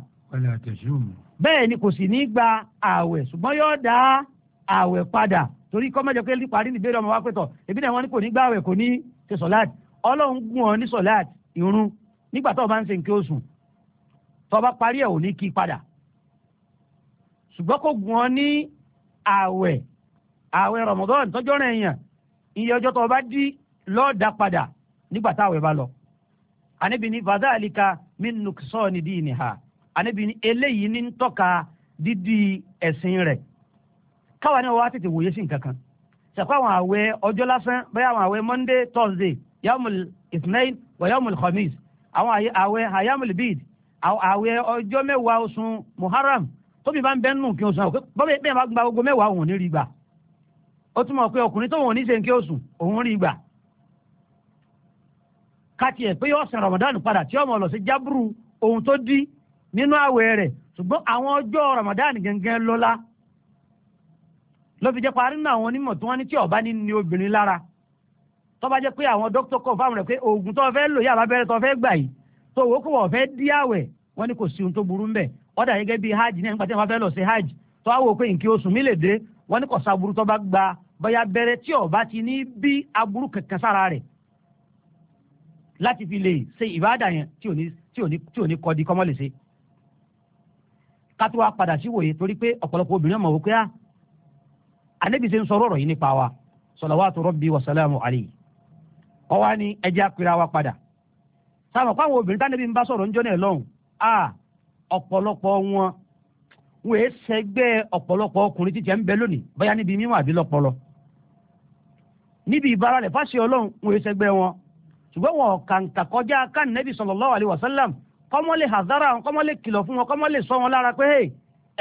bẹ́ẹ̀ ni kò sì ní gba ààwẹ̀ ṣùgbọ́n yóò dá ààwẹ̀ padà torí kọ́ mẹ́jọ pé parí ní ìbéèrè ọmọ pẹ̀tọ̀ ebi náà wọ́n ní kò ní gba ààwẹ̀ kò ní ṣe sọ láti ọlọ́run gún ọ ní sọ láti ìrun nígbà tó o bá ń ṣe nǹkan oṣù tọba parí ẹ̀ ò ní kí padà ṣùgbọ́n kò gùn ọ́ ní ààwẹ̀ ààwẹ̀ Ramadan tọ́jọ́ rẹ̀ yàn iye ọjọ́ tó o bá dí lọ́ọ̀dà padà nígbà táwẹ̀ bá lọ. àníbi ní fàdáàlìkà min nuqsani diniha àníbi ní eléyìí ní tọ́ka dídí ẹ̀sìn rẹ̀ káwa ní wa tètè wòye sí nǹkan ṣàkó àwọn àwẹ̀ ọjọ́ lásán bẹ́ẹ̀ àwọn àwẹ̀ Monday Thursday yamul ithnain wa yamul khamis àwọn àwẹ̀ hayamul bid àwẹ̀ ọjọ́ mẹ́wàá oṣù muharram tóbi bá ń bẹ́ nù kí oṣù àwọn bọ́bẹ̀ bẹ́ẹ̀ bá gba gbogbo mẹ́wàá òun ò ní rí gbà ó túmọ̀ pé ọkùnrin tóun ò ní ṣe ń kí oṣù òun rí gbà káti ẹ̀ pé yóò ramadan padà tí ọmọ lọ sí jábúrú ohun tó dí nínú àwẹ̀ rẹ̀ ṣùgbọ́n àwọn ọjọ́ ramadan gẹ́gẹ́ lọ́la ló fi jẹ́ parí nínú àwọn onímọ̀ tí wọ́n ní tí ọba ní ni obìnrin lára tó bá jẹ́ pé àwọn dókítà kọ̀ fáwọn rẹ̀ pé oògùn tó fẹ́ lò yàrá abẹ́rẹ́ tó fẹ́ gbà yìí tó wo ó kó wọ́n fẹ́ dí àwẹ̀ wọ́n buru kò ọ ohun tó burú ń bẹ̀ ọ̀dà gẹ́gẹ́ bíi hajj náà nígbà tí wọ́n lọ sí hajj tó wá pé oṣù mi lè dé kò tó bá gba bóyá bẹ̀rẹ̀ tí ó ti ní bí aburú kankan sára rẹ̀ láti fi lè ṣe ìbáàdà yẹn tí ò ní tí ò ní tí ò ní di kọ́mọ́ lè ṣe. ká tó padà sí wòye torí pé ọ̀pọ̀lọpọ̀ obìnrin ọmọ wò ah, wa salawatu rabbi wa salamu alayhi. ọwọ́ á ní ẹja sáwọn kó àwọn obìnrin tánibí ń bá sọ̀rọ̀ ń náà lọ́hùn a ọ̀pọ̀lọpọ̀ wọn wọn èé sẹgbẹ́ ọ̀pọ̀lọpọ̀ ọkùnrin títí ẹ̀ ń bẹ lónìí bóyá níbi mímọ́ àbí lọ́pọlọ níbi ìbára rẹ̀ fáṣẹ ọlọ́run wọn èé sẹgbẹ́ wọn ṣùgbọ́n wọn kàǹkà kọjá kan nẹ́bí sallallahu alaihi wasallam kọ́mọ́ lè hazara wọn kọ́mọ́ lè kìlọ̀ fún wọn kọ́mọ́ lè sọ wọn lára pé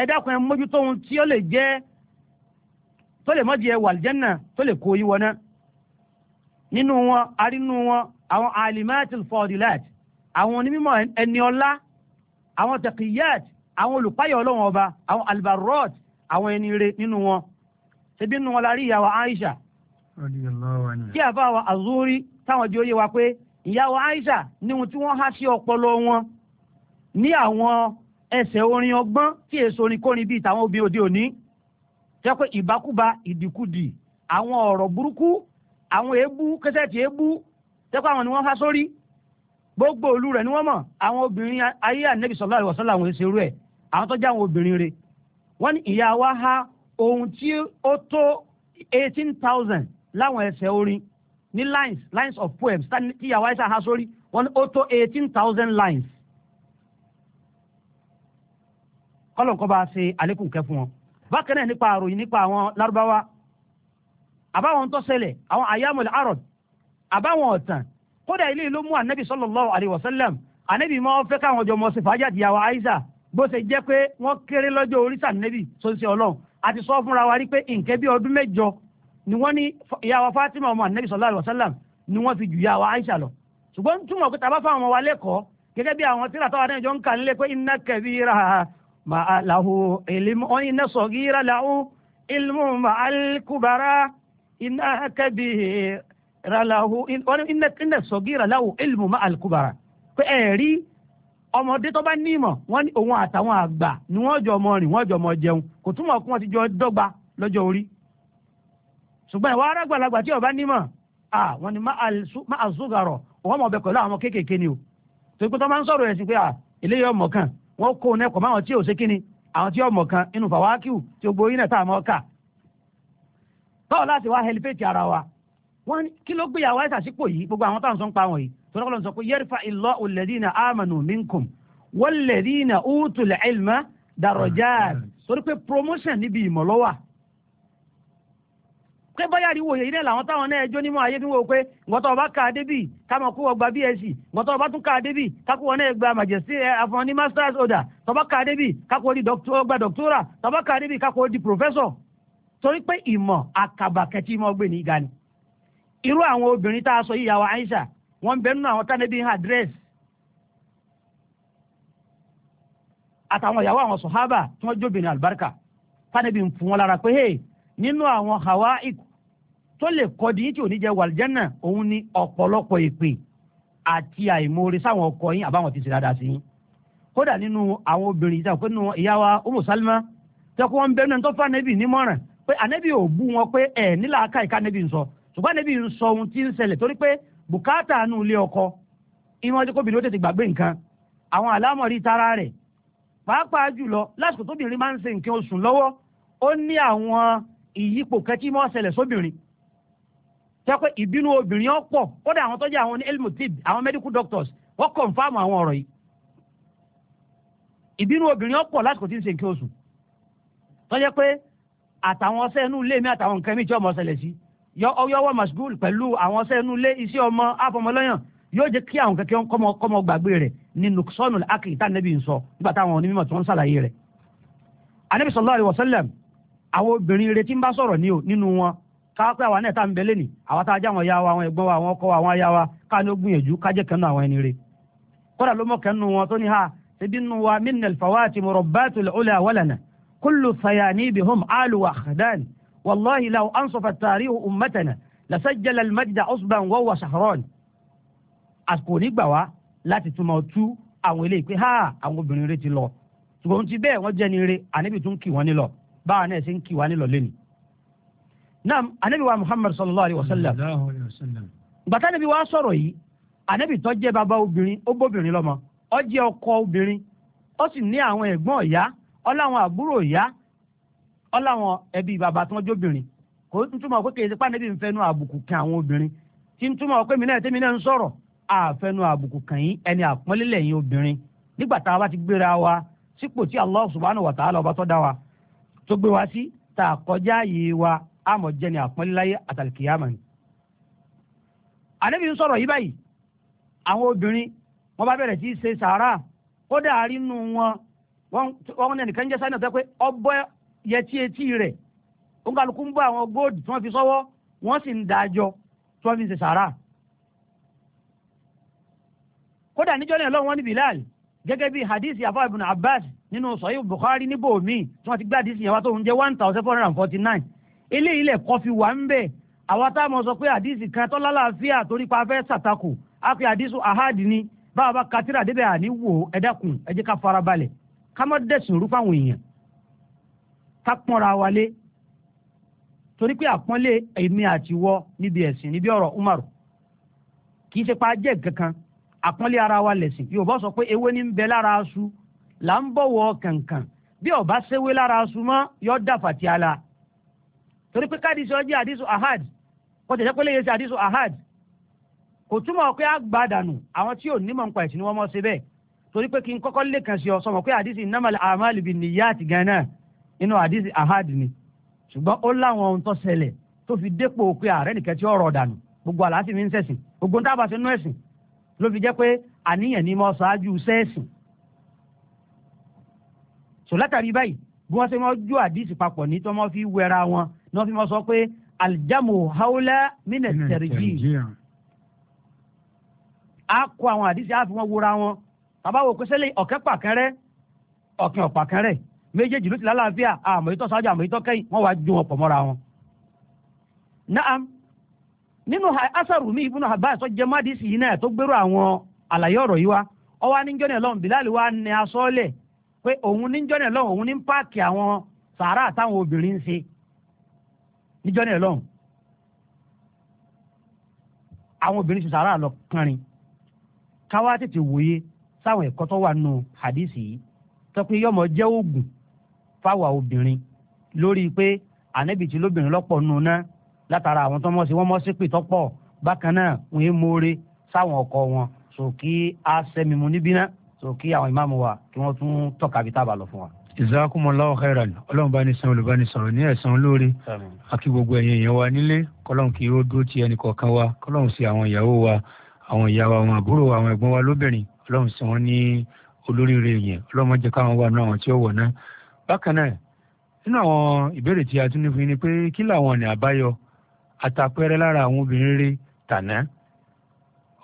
ẹ dákun ẹ mójútó ohun tí ó lè jẹ́ tó lè mọ́ di ẹ wàlìjẹ́nà tó lè kó yí wọn náà nínú wọn arínú wọn àwọn alimatul fadilat àwọn onímọ̀ ẹni ọlá àwọn taqiyat àwọn olùpáyọ̀ ọlọ́wọ́n ọba àwọn albarot àwọn ẹni re nínú wọn ṣebí nínú wọn la rí ìyàwó Aisha kí àfa àwọn azuri táwọn jẹ́ òye wa pé ìyàwó Aisha ní ohun tí wọ́n há sí ọpọlọ wọn ní àwọn ẹsẹ̀ orin ọgbọ́n tí èso orin kórin bíi tàwọn obìnrin òde òní jẹ́ pé ìbákúba ìdìkudì àwọn ọ̀rọ̀ burúkú àwọn èébú kẹsẹ̀tì èébú tẹ́kọ̀ àwọn ni wọ́n há sórí gbogbo òlu rẹ̀ ni wọ́n mọ̀ àwọn obìnrin ayé ànẹ́bí sallallahu alaihi wasallam àwọn ìṣerú ẹ̀ àwọn tó àwọn obìnrin rẹ̀ wọ́n ní ìyá wa há ohun tí ó tó eighteen thousand láwọn ẹsẹ̀ orin ní lines lines of poems tí ìyá wa Aisha há sórí wọ́n ní ó tó eighteen thousand lines kọ́lọ̀ kọ́ bá ṣe àlékún kẹ́ fún wọn bákan náà nípa àròyìn nípa àwọn lárúbáwá àbáwọn tó ṣẹlẹ̀ àwọn àyàmọ̀lẹ̀ arọ̀d àbáwọn ọ̀tàn kódà ilé ló mú anabi sallallahu alayhi wa sallam anabi máa fẹ́ káwọn ọjọ́ mọ́sí fàájà tìyàwó aisha bó ṣe jẹ́ pé wọ́n kéré lọ́jọ́ oríṣà nẹ́bì tó ń ṣe ọlọ́run àti sọ fúnra wa rí pé nǹkan bí ọdún mẹ́jọ ni wọ́n ní ìyàwó fatima ọmọ anabi sallallahu alayhi wa sallam ni wọ́n fi ju ìyàwó aisha lọ ṣùgbọ́n túmọ̀ pé tàbá fáwọn ọmọ wa lẹ́kọ̀ọ́ gẹ́gẹ́ bí àwọn tíra táwọn ẹ̀jọ̀ ń kà nílé pé iná kẹbíra màá làhù ìlímù ọ̀yin iná iná kẹbíra. ralahu wọ́n ní ilmu ma alukubara pé ẹ̀ ọmọdé tó bá ní ìmọ̀ wọ́n ní òun àtàwọn àgbà ni wọ́n jọ ọmọ rìn wọ́n jọ ọmọ jẹun kò túmọ̀ kí wọ́n ti jọ dọ́gba lọ́jọ́ orí ṣùgbọ́n ìwà arágbàlagbà tí ó bá nímọ̀ à wọ́n ní má ọbẹ̀ pẹ̀lú àwọn kéékèèké ni o tó máa ń sọ̀rọ̀ ọmọ kan wọ́n kó ẹ̀kọ́ máwọn tí ọmọ kan inú fàwákìw tí gbogbo wọ́n ní kí ló gbé yàwó àìsàn sípò yìí gbogbo àwọn táwọn sọ ń pa wọn yìí tó lọ́kọ́ ló ń sọ pé yẹ́rìfà ìlọ olèdínà àmànù minkum wọ́lèdínà útùlẹ̀ ilmà dàrọ̀jáàd torí pé promotion níbi ìmọ̀ lọ́wà pé bóyá àríwò yẹn ilé làwọn táwọn náà ẹjọ́ nímọ̀ ayé tí wọ́n pé ngọ́tọ̀ ọba ká débì káwọn kó ọgbà bsc ngọ́tọ̀ ọba tún ká débì kákó wọn náà gba majesty àfọ̀n eh, ní masters order tọba ká débì kákó di ọgbà doctora tọba ká débì kákó di professor torí pé ìmọ̀ àkàbàkẹ́tì mọ́ gbé ní ìgani irú àwọn obìnrin tá a sọ yíyàwó Aisha wọn ń bẹ àwọn tánẹ́bí adrẹ́s àtàwọn ìyàwó àwọn sọ̀hábà tí wọ́n jóbìnrin àlùbáríkà tánẹ́bí ń fún wọn lára pé hawa ikú tó lè kọ́ di yín tí ò òun ni ọpọlọpọ ìpè àti àìmoore sáwọn ọkọ yín àbáwọn ti ṣe kódà nínú Umu salima tẹkọ wọn bẹnu tó anabi pé anabi ò bú wọn pé ẹ nílà aka ìka anabi ń ṣùgbọ́n níbi ń sọ ohun tí ń ṣẹlẹ̀ torí pé bùkátà nù ilé ọkọ ìmọ̀ ọdún kóbìnrin ó tètè gbàgbé nǹkan àwọn àlámọ̀rí tara rẹ̀ pàápàá jùlọ lásìkò tóbìnrin máa ń ṣe nǹkan oṣù lọ́wọ́ ó ní àwọn ìyípo kẹtí mọ́ ṣẹlẹ̀ sóbìnrin tẹ́ pé ìbínú obìnrin ọ̀pọ̀ kódà àwọn tọ́jú àwọn elmotib àwọn medical doctors wọ́n kọ̀ǹfàmù àwọn ọ̀rọ̀ yìí ìbínú obìnrin ọ̀pọ̀ lásìkò tí ń ṣe nǹkan oṣù tọ́jẹ́ pé àtàwọn ọṣẹ́ inú ilé mi àtàwọn nǹkan mi tí ọmọ ṣẹlẹ̀ sí yọwọ́ masgul pẹ̀lú àwọn sẹ́nu lé iṣẹ́ ọmọ àfọmọlọ́yàn yóò jẹ́ kí àwọn kẹ̀kẹ́ kọ́mọ gbàgbé rẹ̀ ní nuksọ́nù akili tá nẹ́bí ń sọ nígbà táwọn onímọ̀ tí wọ́n ń ṣàlàyé rẹ̀. anabi sallallahu alaihi wasallam àwọn obìnrin retí ń bá sọ̀rọ̀ ní o nínú wọn káwápẹ́ àwa náà tá ń bẹ lẹ́nì àwa tá a jẹ́ àwọn ya wa àwọn ẹ̀gbọ́n wa àwọn ọkọ wa àwọn aya wa ká ní ó gbìyànjú ká jẹ́ kẹ́nu àwọn ẹni rẹ̀. kódà ló mọ̀ kẹ́nu wọn tó ní ha ṣebí nu wa minnal fawati murabbatul ula walana kullu sayani bihum alu wa khadan والله لو أنصف التاريخ أمتنا لسجل المجد عصبا وهو شهران àsìkò nígbà wá láti tún máa tú àwọn eléyìí pé ha àwọn obìnrin rẹ ti lọ ṣùgbọ́n ti bẹ́ẹ̀ wọ́n jẹ́ ni re ànábì tún kì wọ́n nílọ báwa náà ṣe ń kì wá nílọ lẹ́nu. naam ànábì wa muhammad sallallahu alayhi wa sallam gbàtà ànábì wa sọ̀rọ̀ yìí ànábì tó jẹ́ bàbá obìnrin ó bóbìnrin lọ́mọ ó jẹ́ ọkọ obìnrin ó sì ní àwọn ẹ̀gbọ́n ìyá ó láwọn àbúrò ìyá ọláwọn ẹbí bàbá tí wọ́n jóbìnrin kò ń túmọ̀ pé kèsì pàdé bí nfẹ́nu àbùkù kan àwọn obìnrin tí ń túmọ̀ pé mìíràn tẹ́mi náà ń sọ̀rọ̀ àfẹnu àbùkù kàn yín ẹni àpọ́nlé lẹ́yìn obìnrin nígbà tá a bá ti gbéra wa sípò tí Allah subhanahu wa ta'ala ọba tó dá wa tó gbé wa sí tá a kọjá ààyè wa àmọ̀ jẹ́ ni àpọ́nlé láyé àtàlìkìyàmà ni. àlẹ́ mi ń sọ̀rọ̀ yìí báyìí àwọn obìnrin wọn bá bẹ̀rẹ̀ sí í ṣe sàárà kódà àrínú wọn wọn nẹnìkan jẹ́ sáyẹn tó pé ọbẹ̀ yẹtí etí rẹ̀ ó ń kálukú ń bá àwọn góòdù tí wọ́n fi sọ́wọ́ wọ́n sì ń dájọ́ tí wọ́n fi ń ṣe sàrà. kódà níjọ́ náà lọ́wọ́ ní Bilal gẹ́gẹ́ bí hadith yafa ibn Abbas nínú sahih Bukhari níbò míì tí wọ́n ti gbá hadith yafa tó ń jẹ́ one thousand four hundred and forty nine eléyìí lẹ̀ kọfí wà ń bẹ̀ àwa tá a mọ̀ sọ pé hadith kan tó lálàáfíà torí pa afẹ́ sàtakò á hadith ahad ni báwa bá katira débẹ̀ àní wò ẹ̀dẹ́kùn ẹ jẹ́ ká farabalẹ̀ ká má dẹ̀sùn rúfáwọn èèyàn ká pọ́nra wa lé torí pé àpọ́nlé èmi àti wọ níbi ẹ̀sìn níbi ọ̀rọ̀ Umaru kì í ṣe pa jẹ́ kankan àpọ́nlé ara wa lẹ̀sìn Yorùbá sọ pé ewé ní ń bẹ lára aṣu là ń bọ̀wọ̀ kankan bí ọba ṣewé lára aṣu mọ́ yọ dàfàtì ala torí pé kádìsí ọjọ́ àdìsù ahad kò tẹ̀sẹ̀ pé léyè sí àdìsù ahad kò túmọ̀ pé a gbà dànù àwọn tí ò nímọ̀ nípa ẹ̀sìn ni wọ́n mọ̀ ṣe bẹ́ẹ̀ torí pé kí n kọ́kọ́ lè kàn sí ọ sọmọ pé àdìsí nàmàlẹ̀ àmàlì bìnnìyà àti gan inú àdìsí ahad ni ṣùgbọ́n ó láwọn ohun tó ṣẹlẹ̀ tó fi dépò pé ààrẹ nìkan tí ó rọ̀ dànù gbogbo àlàáfíà mi ń ṣẹ̀sìn gbogbo tá a bá ṣe nú ẹ̀sìn ló fi jẹ́ pé àníyàn ni mo ṣáájú sẹ́ẹ̀sìn. sọ báyìí bí wọ́n ṣe mọ́ jó àdìsí papọ̀ ní tó mọ́ fi wẹra wọn ni wọ́n fi mọ́ sọ pé aljamu haula mina tẹ̀rìjì a kó àwọn àdìsí àfi wọn wúra wọn tàbá wò pé ṣẹlẹ̀ ọ̀kẹ́ pàkẹ́rẹ́ ọ̀kẹ́ ọ̀pàkẹ́rẹ́ méjèèjì ló ti lálàáfíà àmọ́ ìtọ́ sáájú àmọ́ ìtọ́ kẹ́yìn wọ́n wá ju wọn pọ̀ mọ́ra wọn. naam nínú asaru mi ibùnú Abbas jẹ́ mádìsí yìí náà tó gbèrò àwọn àlàyé ọ̀rọ̀ yìí wá ọwọ́ níjọ́ náà lọ́hùn Bilal wá ní asọ́ọ̀lẹ̀ pé òun níjọ́ náà lọ́hùn òun ní páàkì àwọn sàárà táwọn obìnrin ń ṣe níjọ́ náà lọ́hùn àwọn obìnrin ṣe sàárà lọ kánrin káwá tètè wòye sáwọn ẹ̀kọ́ tó wà nù hadisi yìí tọ́pẹ́ yọmọ jẹ́ oògùn fáwa obìnrin lórí pé ànábì tí lóbìnrin lọ́pọ̀ nù ná látara àwọn tó mọ̀ sí wọ́n mọ̀ sí pìtọ́ pọ̀ bákan náà wọ́n ń mórè sáwọn ọkọ wọn so kí a sẹ́mi mu níbí ná so kí àwọn ìmáàmù wa kí wọ́n tún tọ́ka bí tábà lọ fún wa. jazakumullahu khairan ọlọ́run bá ní san olùbánisọ̀rọ̀ ní ẹ̀san olóore àti gbogbo ẹ̀yin èèyàn wa nílé kọ́lọ́run kí ó dúró ti ẹnì kọ̀ọ̀kan wa kọ́lọ́run sí àwọn ìyàwó wa àwọn ìyá wa àwọn àbúrò wa àwọn ẹ̀gbọ́n wa lóbìnrin ọlọ́run sí wọn ní olóríire yẹn ọlọ́run má jẹ́ káwọn wà náà àwọn tí ó wọ̀ náà bákan náà nínú àwọn ìbéèrè tí a tún ní fún yín ni pé kí làwọn ọ̀nà àbáyọ àtàpẹrẹ lára àwọn obìnrin rere tàná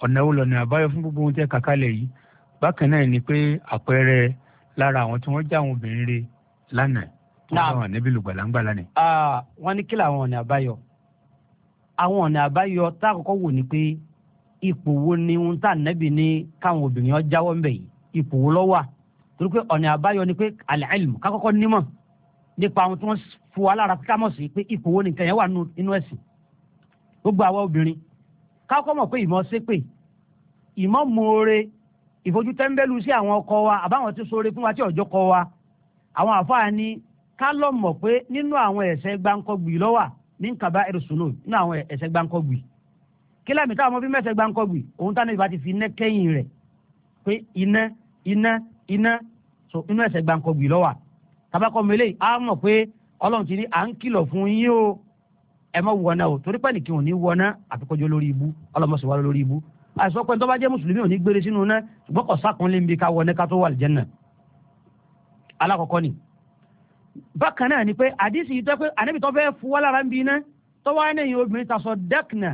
ọ̀nà wo lọ̀nà àbáyọ fún gbogbo ohun tẹ́ kàkálẹ̀ yìí bákan náà ni pé àpẹẹrẹ lára àwọn tí wọ́n já àwọn obìnrin rere lánàá tó dáwọn níbi lùgbàlàǹgbà lánàá. wọ́n ní kí làwọn ọ̀nà àbáyọ àwọn ọ̀nà àbáyọ tá a kọ́kọ́ wò ni pé ipò wo ni ohun tá ànábì ní káwọn obìnrin ọ jáwọ́ ń bẹ̀ yìí ipò wo ló wà torí pé ọ̀nà àbáyọ ni pé al-ilm kákọ́kọ́ nímọ̀ nípa àwọn tí wọ́n fu alára pé kámọ̀ sí pé ipò wo nìkan yẹn wà nínú ẹ̀sìn gbogbo àwọn obìnrin kákọ́ mọ̀ pé ìmọ̀ ṣépè ìmọ̀ moore ìfojú tẹ́ńbẹ́lú sí àwọn ọkọ wa àbáwọn tí ṣoore fún wa tí ọjọ́ kọ wa àwọn àfáà ni ká lọ mọ̀ pé nínú àwọn ẹ̀ṣẹ̀ gbáǹkọ́gbì lọ́wà ní nkàbá ẹ̀rọ̀sọ̀nù nínú àwọn ẹ̀ṣẹ̀ gbáǹkọ́gbì kílẹ̀mì táwọn iná so inú ẹsẹ̀ gbàǹkọ̀gbì lọ́wà tabakọ̀ mẹ́lẹ̀ á mọ̀ pé ọlọ́run ti ní à ń kìlọ̀ fún yín o ẹ má wọná o torí pẹ́ẹ́nì kí wọn ní wọná àfikọ́jọ́ lórí ibú ọlọ́mọsí wa lórí ibú àìsàn pé tó bá jẹ́ mùsùlùmí ò ní gbére sínú náà ṣùgbọ́n kò sákùnlé ń bi ká wọná ká tó wà lìjẹ́ náà alákọ̀ọ́kọ́ ni bákan náà ni pé àdìsí yìí tó pé ànábì tó fẹ́ fún wa lára ń bi iná tó wá ní ẹ̀yìn obìnrin tàṣọ dẹ́kìnà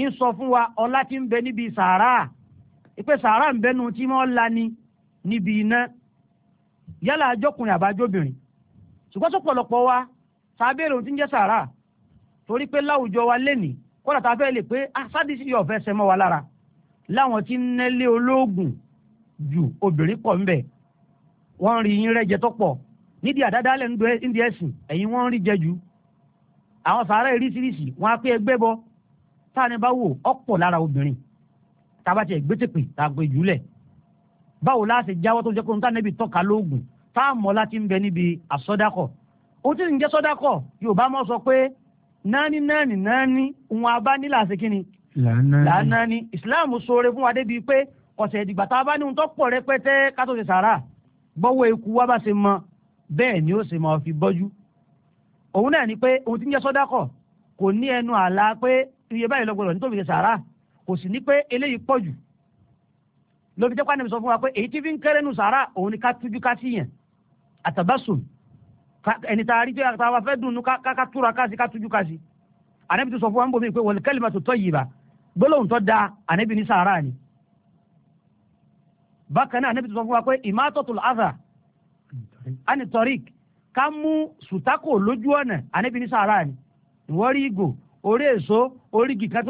ń sọ fún wa ọlá ti ń bẹ níbi sàárà ìpè sàárà ń bẹnu tí wọ́n la ni níbi iná yálà ajọkùnrin àbájọbìnrin ṣùgbọ́n tó pọ̀lọpọ̀ wa tá a béèrè ohun tí ń jẹ́ sàárà torí pé láwùjọ wa lénìí kódà tá a fẹ́ lè pé ah, sádìsì yóò fẹ́ sẹ́mọ́ wa lára láwọn tí ń nẹ́lé olóògùn ju obìnrin pọ̀ ńbẹ̀ wọ́n rí yín rẹ́jẹ tó pọ̀ nídìí àdáda lẹ́nu ìdí ẹ̀sìn ẹ̀yin wọ́n rí jẹ àwọn sàárà irísirísi wọn á pé ẹgbẹ́ bọ́ táà ní bá wò ọ̀pọ̀ lára obìnrin tá a bá tiẹ̀ gbé tèpè tá a gbé jùlẹ̀ báwo láti jáwọ́ tó jẹ́ kó n ta níbi tọ́ka lóògùn tá a mọ̀ láti ń bẹ níbi àsọdákọ̀ ó ti ń jẹ́ sọdákọ̀ yorùbá mọ̀ sọ pé náání náání náání òun abá nílà sí kíni làánà ni islam ṣoore fún wa débi pé kọ̀sẹ̀ ìdìgbà tá a bá ní ohun tó pọ̀ rẹpẹtẹ ká tó ṣe sàrà bọ́wọ́ eku wa bá ṣe mọ bẹ́ẹ̀ ni ó ṣe máa fi bọ́jú òun náà ni pé ohun tí ń jẹ́ sọ́dákọ̀ kò ní ẹnu àlá pé iye báyìí lọ́gbọ̀dọ̀ nítorí ṣe sàrà kò sì ní pé eléyìí pọ̀ jù lóbi jẹ́ pàdé sọ fún wa pé èyí tí fi ń kéré nù sàrà òun ni ká tújú ká sí yẹn àtàbásùn ẹni tá a rí jẹ́ àtàwọn afẹ́ dùn ká túra ká sí ká tújú ká sí ànábi tó sọ fún wa ń bomi pé wal kalimatu tayyiba gbólóhùn tó da ànábi ní sàrà ni bákan náà ànábi tó sọ fún wa pé imatatul adha ani tariq ká mú sùtákò lójú ọ̀nà ànábi ní sàrà ni ìwọ́rí ìgò orí èso orí gìkan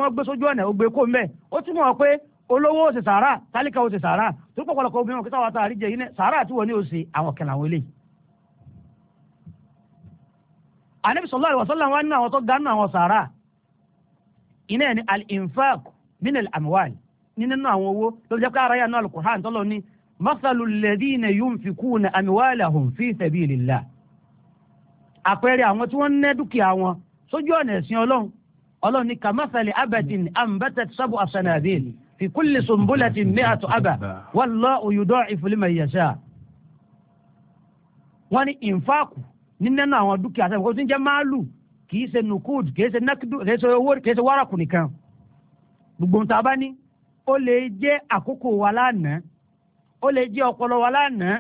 olówó ó ṣe sàárà tálíkà ó ṣe sàárà tó pọ̀pọ̀lọpọ̀ obìnrin òkúta wa tààrí jẹ yín náà sàárà tí wọ́n ní ó ṣe àwọn kẹlẹ̀ àwọn eléyìí. anabi sallallahu alaihi wasallam wa nínú àwọn tó gánú àwọn sàárà iná ẹni al-infaq min al-amwal nínú àwọn owó ló jẹ́ pé ara yà náà al-Qur'an tọ́lọ́ ni masalu alladhina yunfikuna amwalahum fi sabilillah àpẹẹrẹ àwọn tí wọ́n ń ná dúkìá wọn sójú ọ̀nà ẹ̀sìn ọlọ́run ọlọ́run ní kàmáfẹ́lẹ̀ abẹ́tìn àmbẹ́tẹ̀ sábò àṣànàbẹ́ẹ̀lì fi kulli sunbulati mi'atu aba wallahu yudaifu liman yasha wọ́n ní ìnfàkù nínú àwọn dúkìá sẹ́wọ̀n kò tí ń jẹ́ máàlù kì í ṣe nukud kì í ṣe nakidu kì í ṣe owó kì í ṣe wárakù nìkan gbogbo nta bá ní ó lè jẹ́ àkókò wa lánàá ó lè jẹ́ ọpọlọ wa lánàá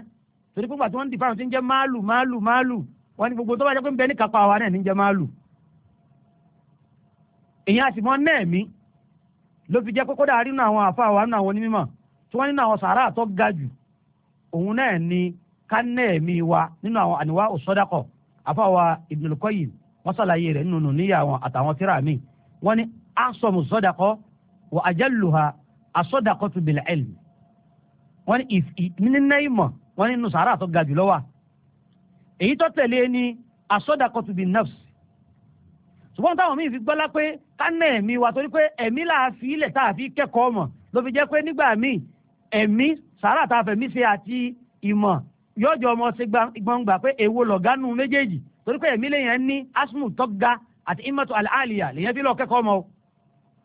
torí pé pàtó wọ́n ń dìfà àwọn tí ń jẹ́ máàlù máàlù máàlù gbogbo tó bá jẹ́ pé ń bẹ ní wa náà ní ń jẹ́ máàlù èyí àti mọ́ mi ló fi jẹ́ pé kódà rí nínú àwọn àfáà wa nínú àwọn onímọ̀ tí wọ́n nínú àwọn sàárà tó ga jù òun náà ni ká ná ẹ̀mí wa nínú àwọn àníwá òsọdakọ̀ àfáà wa Ibnul Qayyim wọ́n sàlàyé rẹ̀ nínú níyà àwọn àtàwọn tíra mi wọ́n ní asọ̀mù sọ́dakọ̀ wà àjálùhà asọ́dakọ̀ tó bìlẹ̀ ẹ̀lì wọ́n ní nínú ìmọ̀ wọ́n nínú sàárà tó ga jù lọ́wà èyí tó tẹ̀lé ni asọ́dakọ̀ tó bìlẹ̀ nafs ṣùgbọ́n táwọn míì fi gbọ́lá pé ká ná ẹ̀mí wa torí pé ẹ̀mí là á fi ilẹ̀ tá a fi kẹ́kọ̀ọ́ mọ̀ ló fi jẹ́ pé nígbà míì ẹ̀mí sàárà tá a fẹ̀mí ṣe àti ìmọ̀ yọjọ ọmọ ṣe gbọǹgbà pé èwo lọ̀gánú méjèèjì torí pé ẹ̀mí lèèyàn ní asmu tó ga àti imatu al-aliya lèèyàn fi lọ kẹ́kọ̀ọ́ mọ́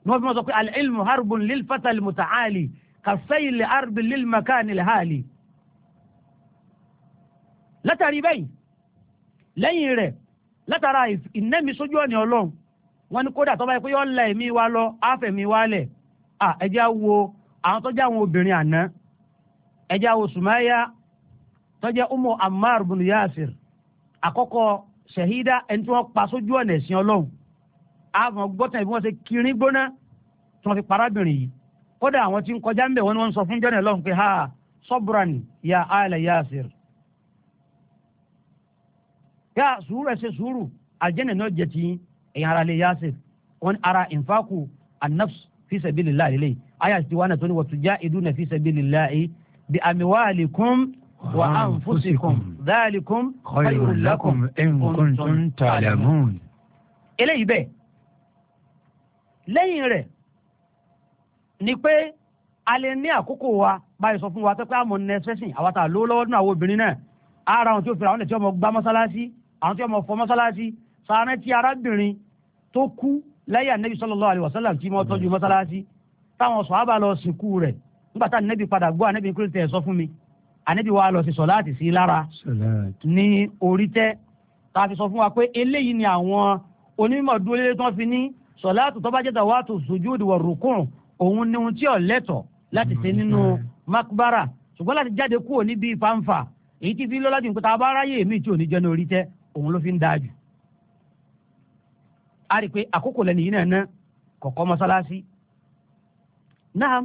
ní wọ́n fi mọ́ sọ pé al-ilmu harbun lil fatal mutaali kasai le arbi lil makani le látàrí bẹ́ẹ̀ lẹ́yìn rẹ̀ látara ìnẹ́mi sójú ọ̀nì ọlọ́run wọ́n ní kódà tó bá yẹ pé yọ la ẹ̀mí wa lọ àfẹ̀mí wa lẹ̀ à ẹjẹ́ wo àwọn tó jẹ́ àwọn obìnrin àná ẹjẹ́ wo Sùmáyà tó jẹ́ Umu Ammar bin Yasir àkọ́kọ́ ṣẹ̀hídà ẹni tí wọ́n pa sójú ọ̀nà ẹ̀sìn ọlọ́run àwọn gbọ́tàn ìbí wọ́n ṣe kirin gbóná tí wọ́n fi parábìnrin yìí kódà àwọn tí ń kọjá ń bẹ̀ wọ́n ni wọ́n sọ fún jọ́nà ọlọ́run pé ha sọ́bùránì ya ala Yasir yá sùúrù ẹ̀ ṣe sùúrù àjẹ́nà náà jẹ tiyín ẹ̀yin ara lè yáàsì wọn ara ìfáàkù anafs fi sabilillahi lélẹ̀ àyà ti wà náà tó ní watujahiduna fi sabilillahi bi amwalikum wa anfusikum dhalikum khayrun lakum in kuntum ta'lamun. eléyìí bẹ́ẹ̀ lẹ́yìn rẹ̀ ni pé a lè ní àkókò wa báyìí sọ fún wa pé àmọ́ nẹ́sẹ̀sìn àwọn tá a lówó lọ́wọ́ nínú àwọn obìnrin náà ara àwọn tí ó fẹ́ra àwọn tí ó mọ gbá mọ́sálásí àwọn tí ó mọ fọ mọ́sálásí sáré tí arábìnrin tó kú lẹ́yìn anabi sallallahu alaihi wasallam tí wọ́n tọ́jú mm-hmm. mọ́sálásí táwọn sọ̀hábà lọ sìnkú rẹ̀ nígbà tá anabi padà gbọ́ anabi kúrò tẹ̀ sọ fún mi anabi wa lọ sí sọ̀láàtì sí lára ní orí tẹ́ tá a fi sọ fún wa pé eléyìí ni àwọn onímọ̀ dúró tán fi ní sọ̀láàtù tó bá jẹ́ tàwátù sùjúdù wà rùkùn òun ni ohun tí ò lẹ́tọ̀ láti ṣe mm-hmm. nínú makbara ṣùgbọ́n láti jáde kúrò níbi fanfa èyí tí fi lọ́lá jù nǹkan tá a bá ráyè a rí i pé àkókò lẹ́nu yìí náà ná kọ̀kọ́ mọ́sálásí. náà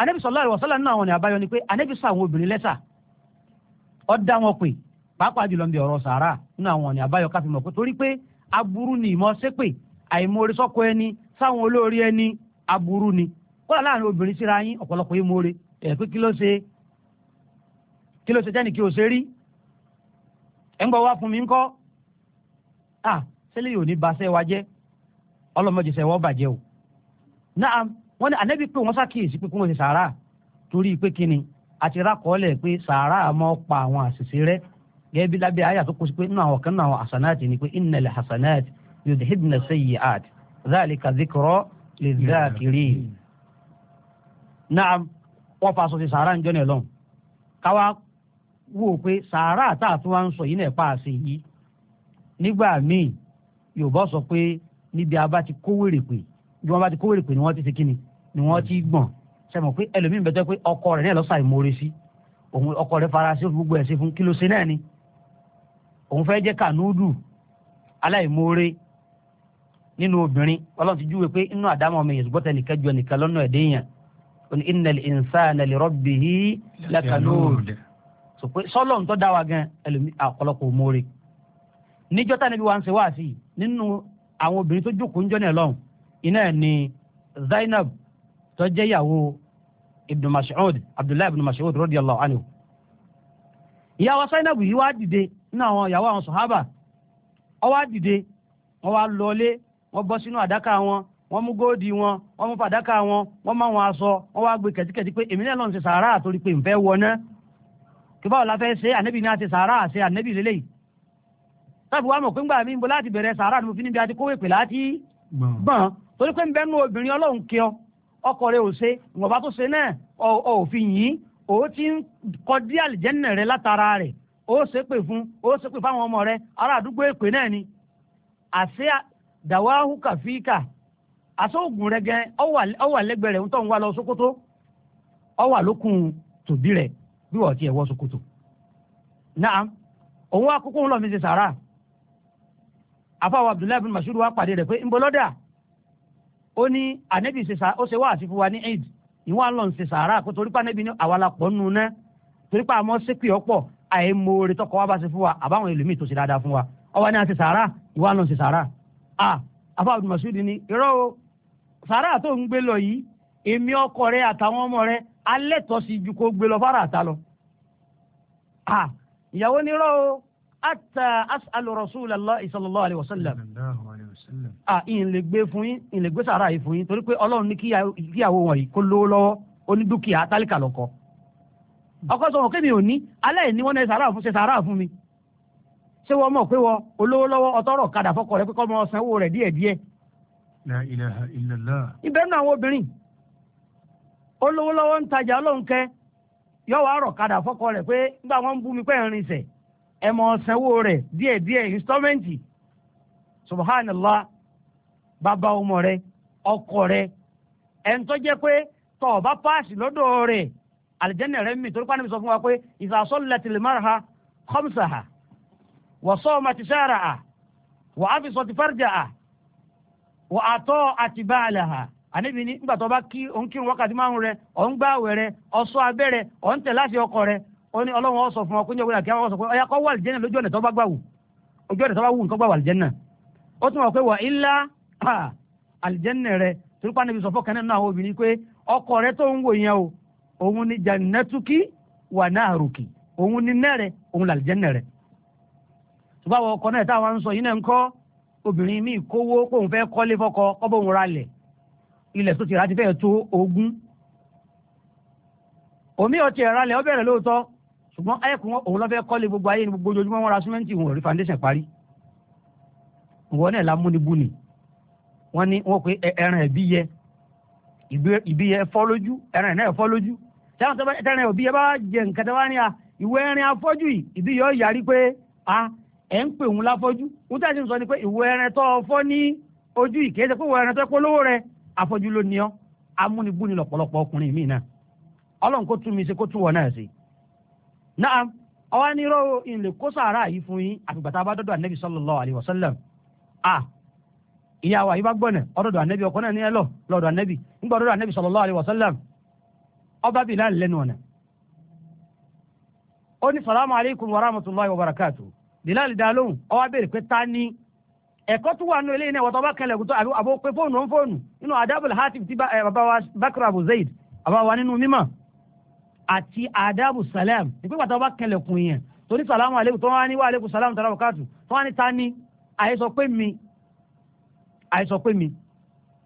anabi sallallahu alaihi wasallam náà àwọn ní ni pé anabi sọ àwọn obìnrin lẹ́sà ó wọn pè pàápàá jùlọ níbi ọ̀rọ̀ sàárà nínú àwọn ní àbáyọ káfí mọ̀ pé torí pé aburú ni ẹni sáwọn olórí ẹni aburú ni láàrin obìnrin síra yín yín pé kí ló ṣe kí ló ṣe jẹ́ni kí o ṣe sẹ́lẹ̀ yóò ní baṣẹ́ wa jẹ́ ọlọ́mọdéṣẹ́ wọ́n bàjẹ́ o. náà wọ́n ní pé wọ́n pé kí wọ́n ṣe sàárà torí pé ni àti rákọ́ọ́lẹ̀ pé sàárà pa àwọn àṣìṣe rẹ gẹ́gẹ́ bí lábẹ́ sí pé nínú àwọn kan ni pé hasanati náà wọ́n fa aṣọ sí sàárà káwá wò pé sàárà tá a tún wá ń sọ yìí náà pa àṣẹ yìí yorùbá sọ pé níbi abá ti kówèrè pé níbi wọn bá ti kówèrè pé ni wọn ti ṣe kíni ni wọn ti gbọ̀n sẹmọ pé ẹlòmíín bẹtẹ pé ọkọ rẹ náà lọsàn ìmoore sí òun ọkọ rẹ fara sí gbogbo ẹ sí fún kí ló ṣe náà ni òun fẹ́ jẹ́ kànúdù aláìmoore nínú obìnrin Ọlọ́run ti júwe pé inú àdámọ̀ ọmọ yẹn gbọ́tẹ̀ nìkan ju ẹnìkan lọ́nà ẹ̀dẹ́ yẹn òní innal insana li rabbihi lakanud sọ pé sọlọ́ọ̀n tó dá wa gan ẹlòmíín àkọlọ́kọ̀ òmóore níjọ́ tá níbi wa ń ṣe wá sí nínú àwọn obìnrin tó jókòó ń jọ́nà lọ́hùn iná ẹ̀ ni Zainab tó jẹ́ ìyàwó ibn Mas'ud Abdullahi ibn Mas'ud radiyallahu anhu ìyàwó Zainab yìí wá dìde nínú àwọn ìyàwó àwọn sọ̀hábà ó wá dìde wọ́n wá lọlé wọ́n bọ́ sínú àdáká wọn wọ́n mú góòdì wọn wọ́n mú fàdákà wọn wọ́n máa wọn aṣọ wọ́n wá gbé kẹ̀tíkẹ̀tí pé èmi náà lọ́n ti sàárà torí pé nfẹ́ wọná kí báwo la fẹ́ ṣe ànẹ́bí ni a ti sàárà ṣe ànẹ́bí lélẹ́yìí táfi wá mọ̀ pé ńgbà mi ń bọ láti bẹ̀rẹ̀ sàárà ni mo fi níbi àti kówé pè láti gbọ̀n torí pé ń bẹ́nu obìnrin ọlọ́run kí ọ ọkọ rẹ ò ṣe ìwọ̀nba tó ṣe náà ò fi yìn ó ti ń kọdí àlìjẹ́nà rẹ látara rẹ̀ ó ṣe pè fún ó ṣe pè fáwọn ọmọ rẹ ará àdúgbò èpè náà ni àṣẹ dàwáhù kàfíkà àṣẹ òògùn rẹ gẹ ọwà lẹ́gbẹ̀ẹ́ rẹ̀ ń tọ́ ń wá lọ Sókótó ọwà lókun tòbí rẹ̀ bí wọ́n ti ẹ̀ wọ́ Sókótó náà òun wá kókó ń mi ṣe sàrà afáwọ abdullahi bin masud wa pàdé rẹ̀ pé nbọlọ́dà ó ní anabi ó ṣe wáàsí fún wa ní eid ìwọ àlọ́ ń ṣe sàárà kó torípa anabi ní àwa la pọ̀ nù ná torípa àmọ́ sẹ́kì ọ̀pọ̀ àìmoore tọkọ wa bá ṣe fún wa àbáwọn ẹlòmíì tó ṣe dáadáa fún wa ọwọ́ ní a ṣe sàárà ìwọ àlọ́ ń ṣe sàárà a afáwọ abdullahi bin masud ní irọ́ o sàárà tó ń gbé lọ yìí èmi ọkọ rẹ àtàwọn ọmọ rẹ alẹ́ tọ́ sí ju kó gbé lọ fárá àtà lọ. ìyàwó nírọ́ o ata asalu rasulallah sallallahu alayhi wa a ìyìn lè gbé fún yín ìyìn fún yín torí pé ọlọ́run ní kíyàwó lówó onídùkìá ò ní wọ́n sàrà fún mi. ṣé wọ́n mọ̀ pé wọ́n olówó lọ́wọ́ ọtọ́rọ̀ kadà fọkọ rẹ pé kọ́ sanwó rẹ̀ díẹ̀. ẹ mọ rẹ̀ díẹ̀díẹ̀ instọmẹǹtì subhanallah bàbá ọmọ rẹ̀ ọkọ rẹ̀ ẹ ń pé tọ ọba paasi lọ́dọ̀ rẹ̀ alijanna rẹ̀ mi torí pàdé mi sọ fún wa pé ìsàsọlẹtìlẹ a wà á ti fárjà a wà àti àníbi ní bá kí òun kírun wákàtí márùn rẹ̀ ó ní ọlọ́run ọ̀sọ̀ fún ọkùnrin ọgbẹ́ni àkíyàwó ọ̀sọ̀ pé ọyà kọ́ wà àlìjẹ́nà lójú ọ̀nà tó bá gbà wù ojú ọ̀nà tó bá wù nǹkan gbà wà àlìjẹ́nà ó tún wọ̀ pé wà ilá àlìjẹ́nà rẹ torí pa níbi sọ̀fọ́ kan náà àwọn obìnrin pé ọkọ rẹ tó ń wò yẹn o òun ni jannatuki wà naruki òun ni nẹ́rẹ̀ òun làlìjẹ́nà rẹ ṣùgbọ́n ọkọ náà táwọn ń sọ yìí náà ń kọ́ obìnrin míì kówó kóun fẹ́ omi ọtí ẹ̀rọ alẹ̀ ọ bẹ̀rẹ̀ lóòótọ́ ṣùgbọ́n ẹ̀kún òun lọ́fẹ́ kọ́lé gbogbo ayé ni gbogbo ojoojúmọ́ wọn ra símẹ́ǹtì wọn rí foundation parí ìwọ náà la múnibú ni wọ́n ní wọ́n pe ẹran ẹ̀bí yẹ ìbí yẹ fọ́ lójú ẹran ẹ̀ náà fọ́ lójú táwọn tó bá ẹran ẹ̀bí yẹ bá jẹ nǹkan tó bá ní a ìwọ ẹran afọ́jú yìí ìbí yọ yàrí pé a ẹ̀ ń pè òun láfọ́jú òun tí a ti sọ ni pé ìwọ ẹran tó fọ́ ní ojú yìí kìí ṣe pé ìwọ ẹran tó polówó rẹ afọ́jú ló ní ọ amúnibú lọ̀pọ̀lọpọ̀ ọkùnrin míì náà ọlọ́run kó tún mi ṣe kó tún wọ náà ṣe náà àwa ní irọ́ ìlẹ̀ kó sàárà yìí fún yín àfìgbà tá a bá dọ́dọ̀ ànẹ́bí sallallahu alaihi wasallam à ìyá wa yìí bá gbọ́nà ọ̀dọ̀dọ̀ ànẹ́bí ọkọ náà ní ẹ lọ lọ́dọ̀ ànẹ́bí ńgbà ọ̀dọ̀dọ̀ ànẹ́bí sallallahu alaihi wasallam ọba Bilal lẹ́nu ọ̀nà ó ní salamu aleykum wa rahmatulahi wa barakatu Bilal dá lóhùn ó wá béèrè pé ta ni ẹ̀kọ́ tó wà nínú eléyìí náà wọ́tọ́ bá kẹlẹ̀ kútó àbí àbó pé fóònù ó ń fóònù nínú adábòlù hátìf ti eh, bàbá wa Bakr Abu Zaid àbá wa nínú mímọ́ àti adabu salam ìpín pàtàkì ọba kẹlẹ̀kùn yẹn torí salamu aleykum tó wá ní wà aleykum salamu tàrà wákàtú tó wá ní ta ni àyesọ pé mi àyesọ pé mi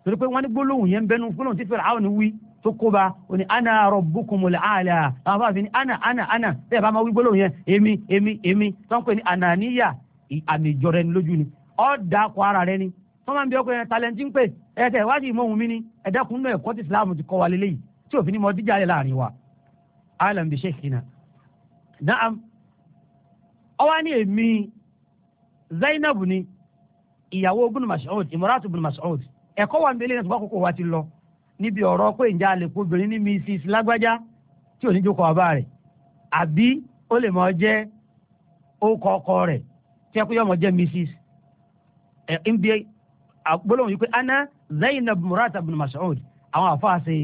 torí pé wọ́n ní gbólóhùn yẹn bẹnu gbólóhùn tí Fir'aun wí tó kóba òní ana rabbukumul aala àwọn bá fi ana ana ana bẹ́ẹ̀ bá máa wí gbólóhùn yẹn èmi èmi èmi tó ń pè ní ànàníyà àmì ìjọra ẹni lójú ni ọ́ da kọ ara rẹ ni tó máa ń bí ọkùnrin talẹ́ntì ń pè ẹ̀ẹ́dẹ̀ wájú ìmọ̀ òun mi ni ẹ̀dẹ́kùnrin náà ẹ̀kọ́ ti Islam ti kọ́ wa lélẹ́yìí tí òfin ni mo díjà rẹ̀ láàrin wa أعلم bi نعم، na'am ọwọ́ ní èmi zainab ni ìyàwó ibn mas'ud imratu ibn mas'ud ẹ̀kọ́ wa ń bẹ̀lẹ̀ nípa kókó wa ti lọ níbi ọ̀rọ̀ pé ǹjẹ́ a lè kó obìnrin ní mrs lágbájá tí ò ní jókòó ọba rẹ̀ àbí ó lè máa jẹ́ ókọ ọkọ rẹ̀ tí ẹ kó yọmọ jẹ́ mrs ẹ̀ ń bí yìí pé ana zainab murata ibn mas'ud àwọn àfáà ṣe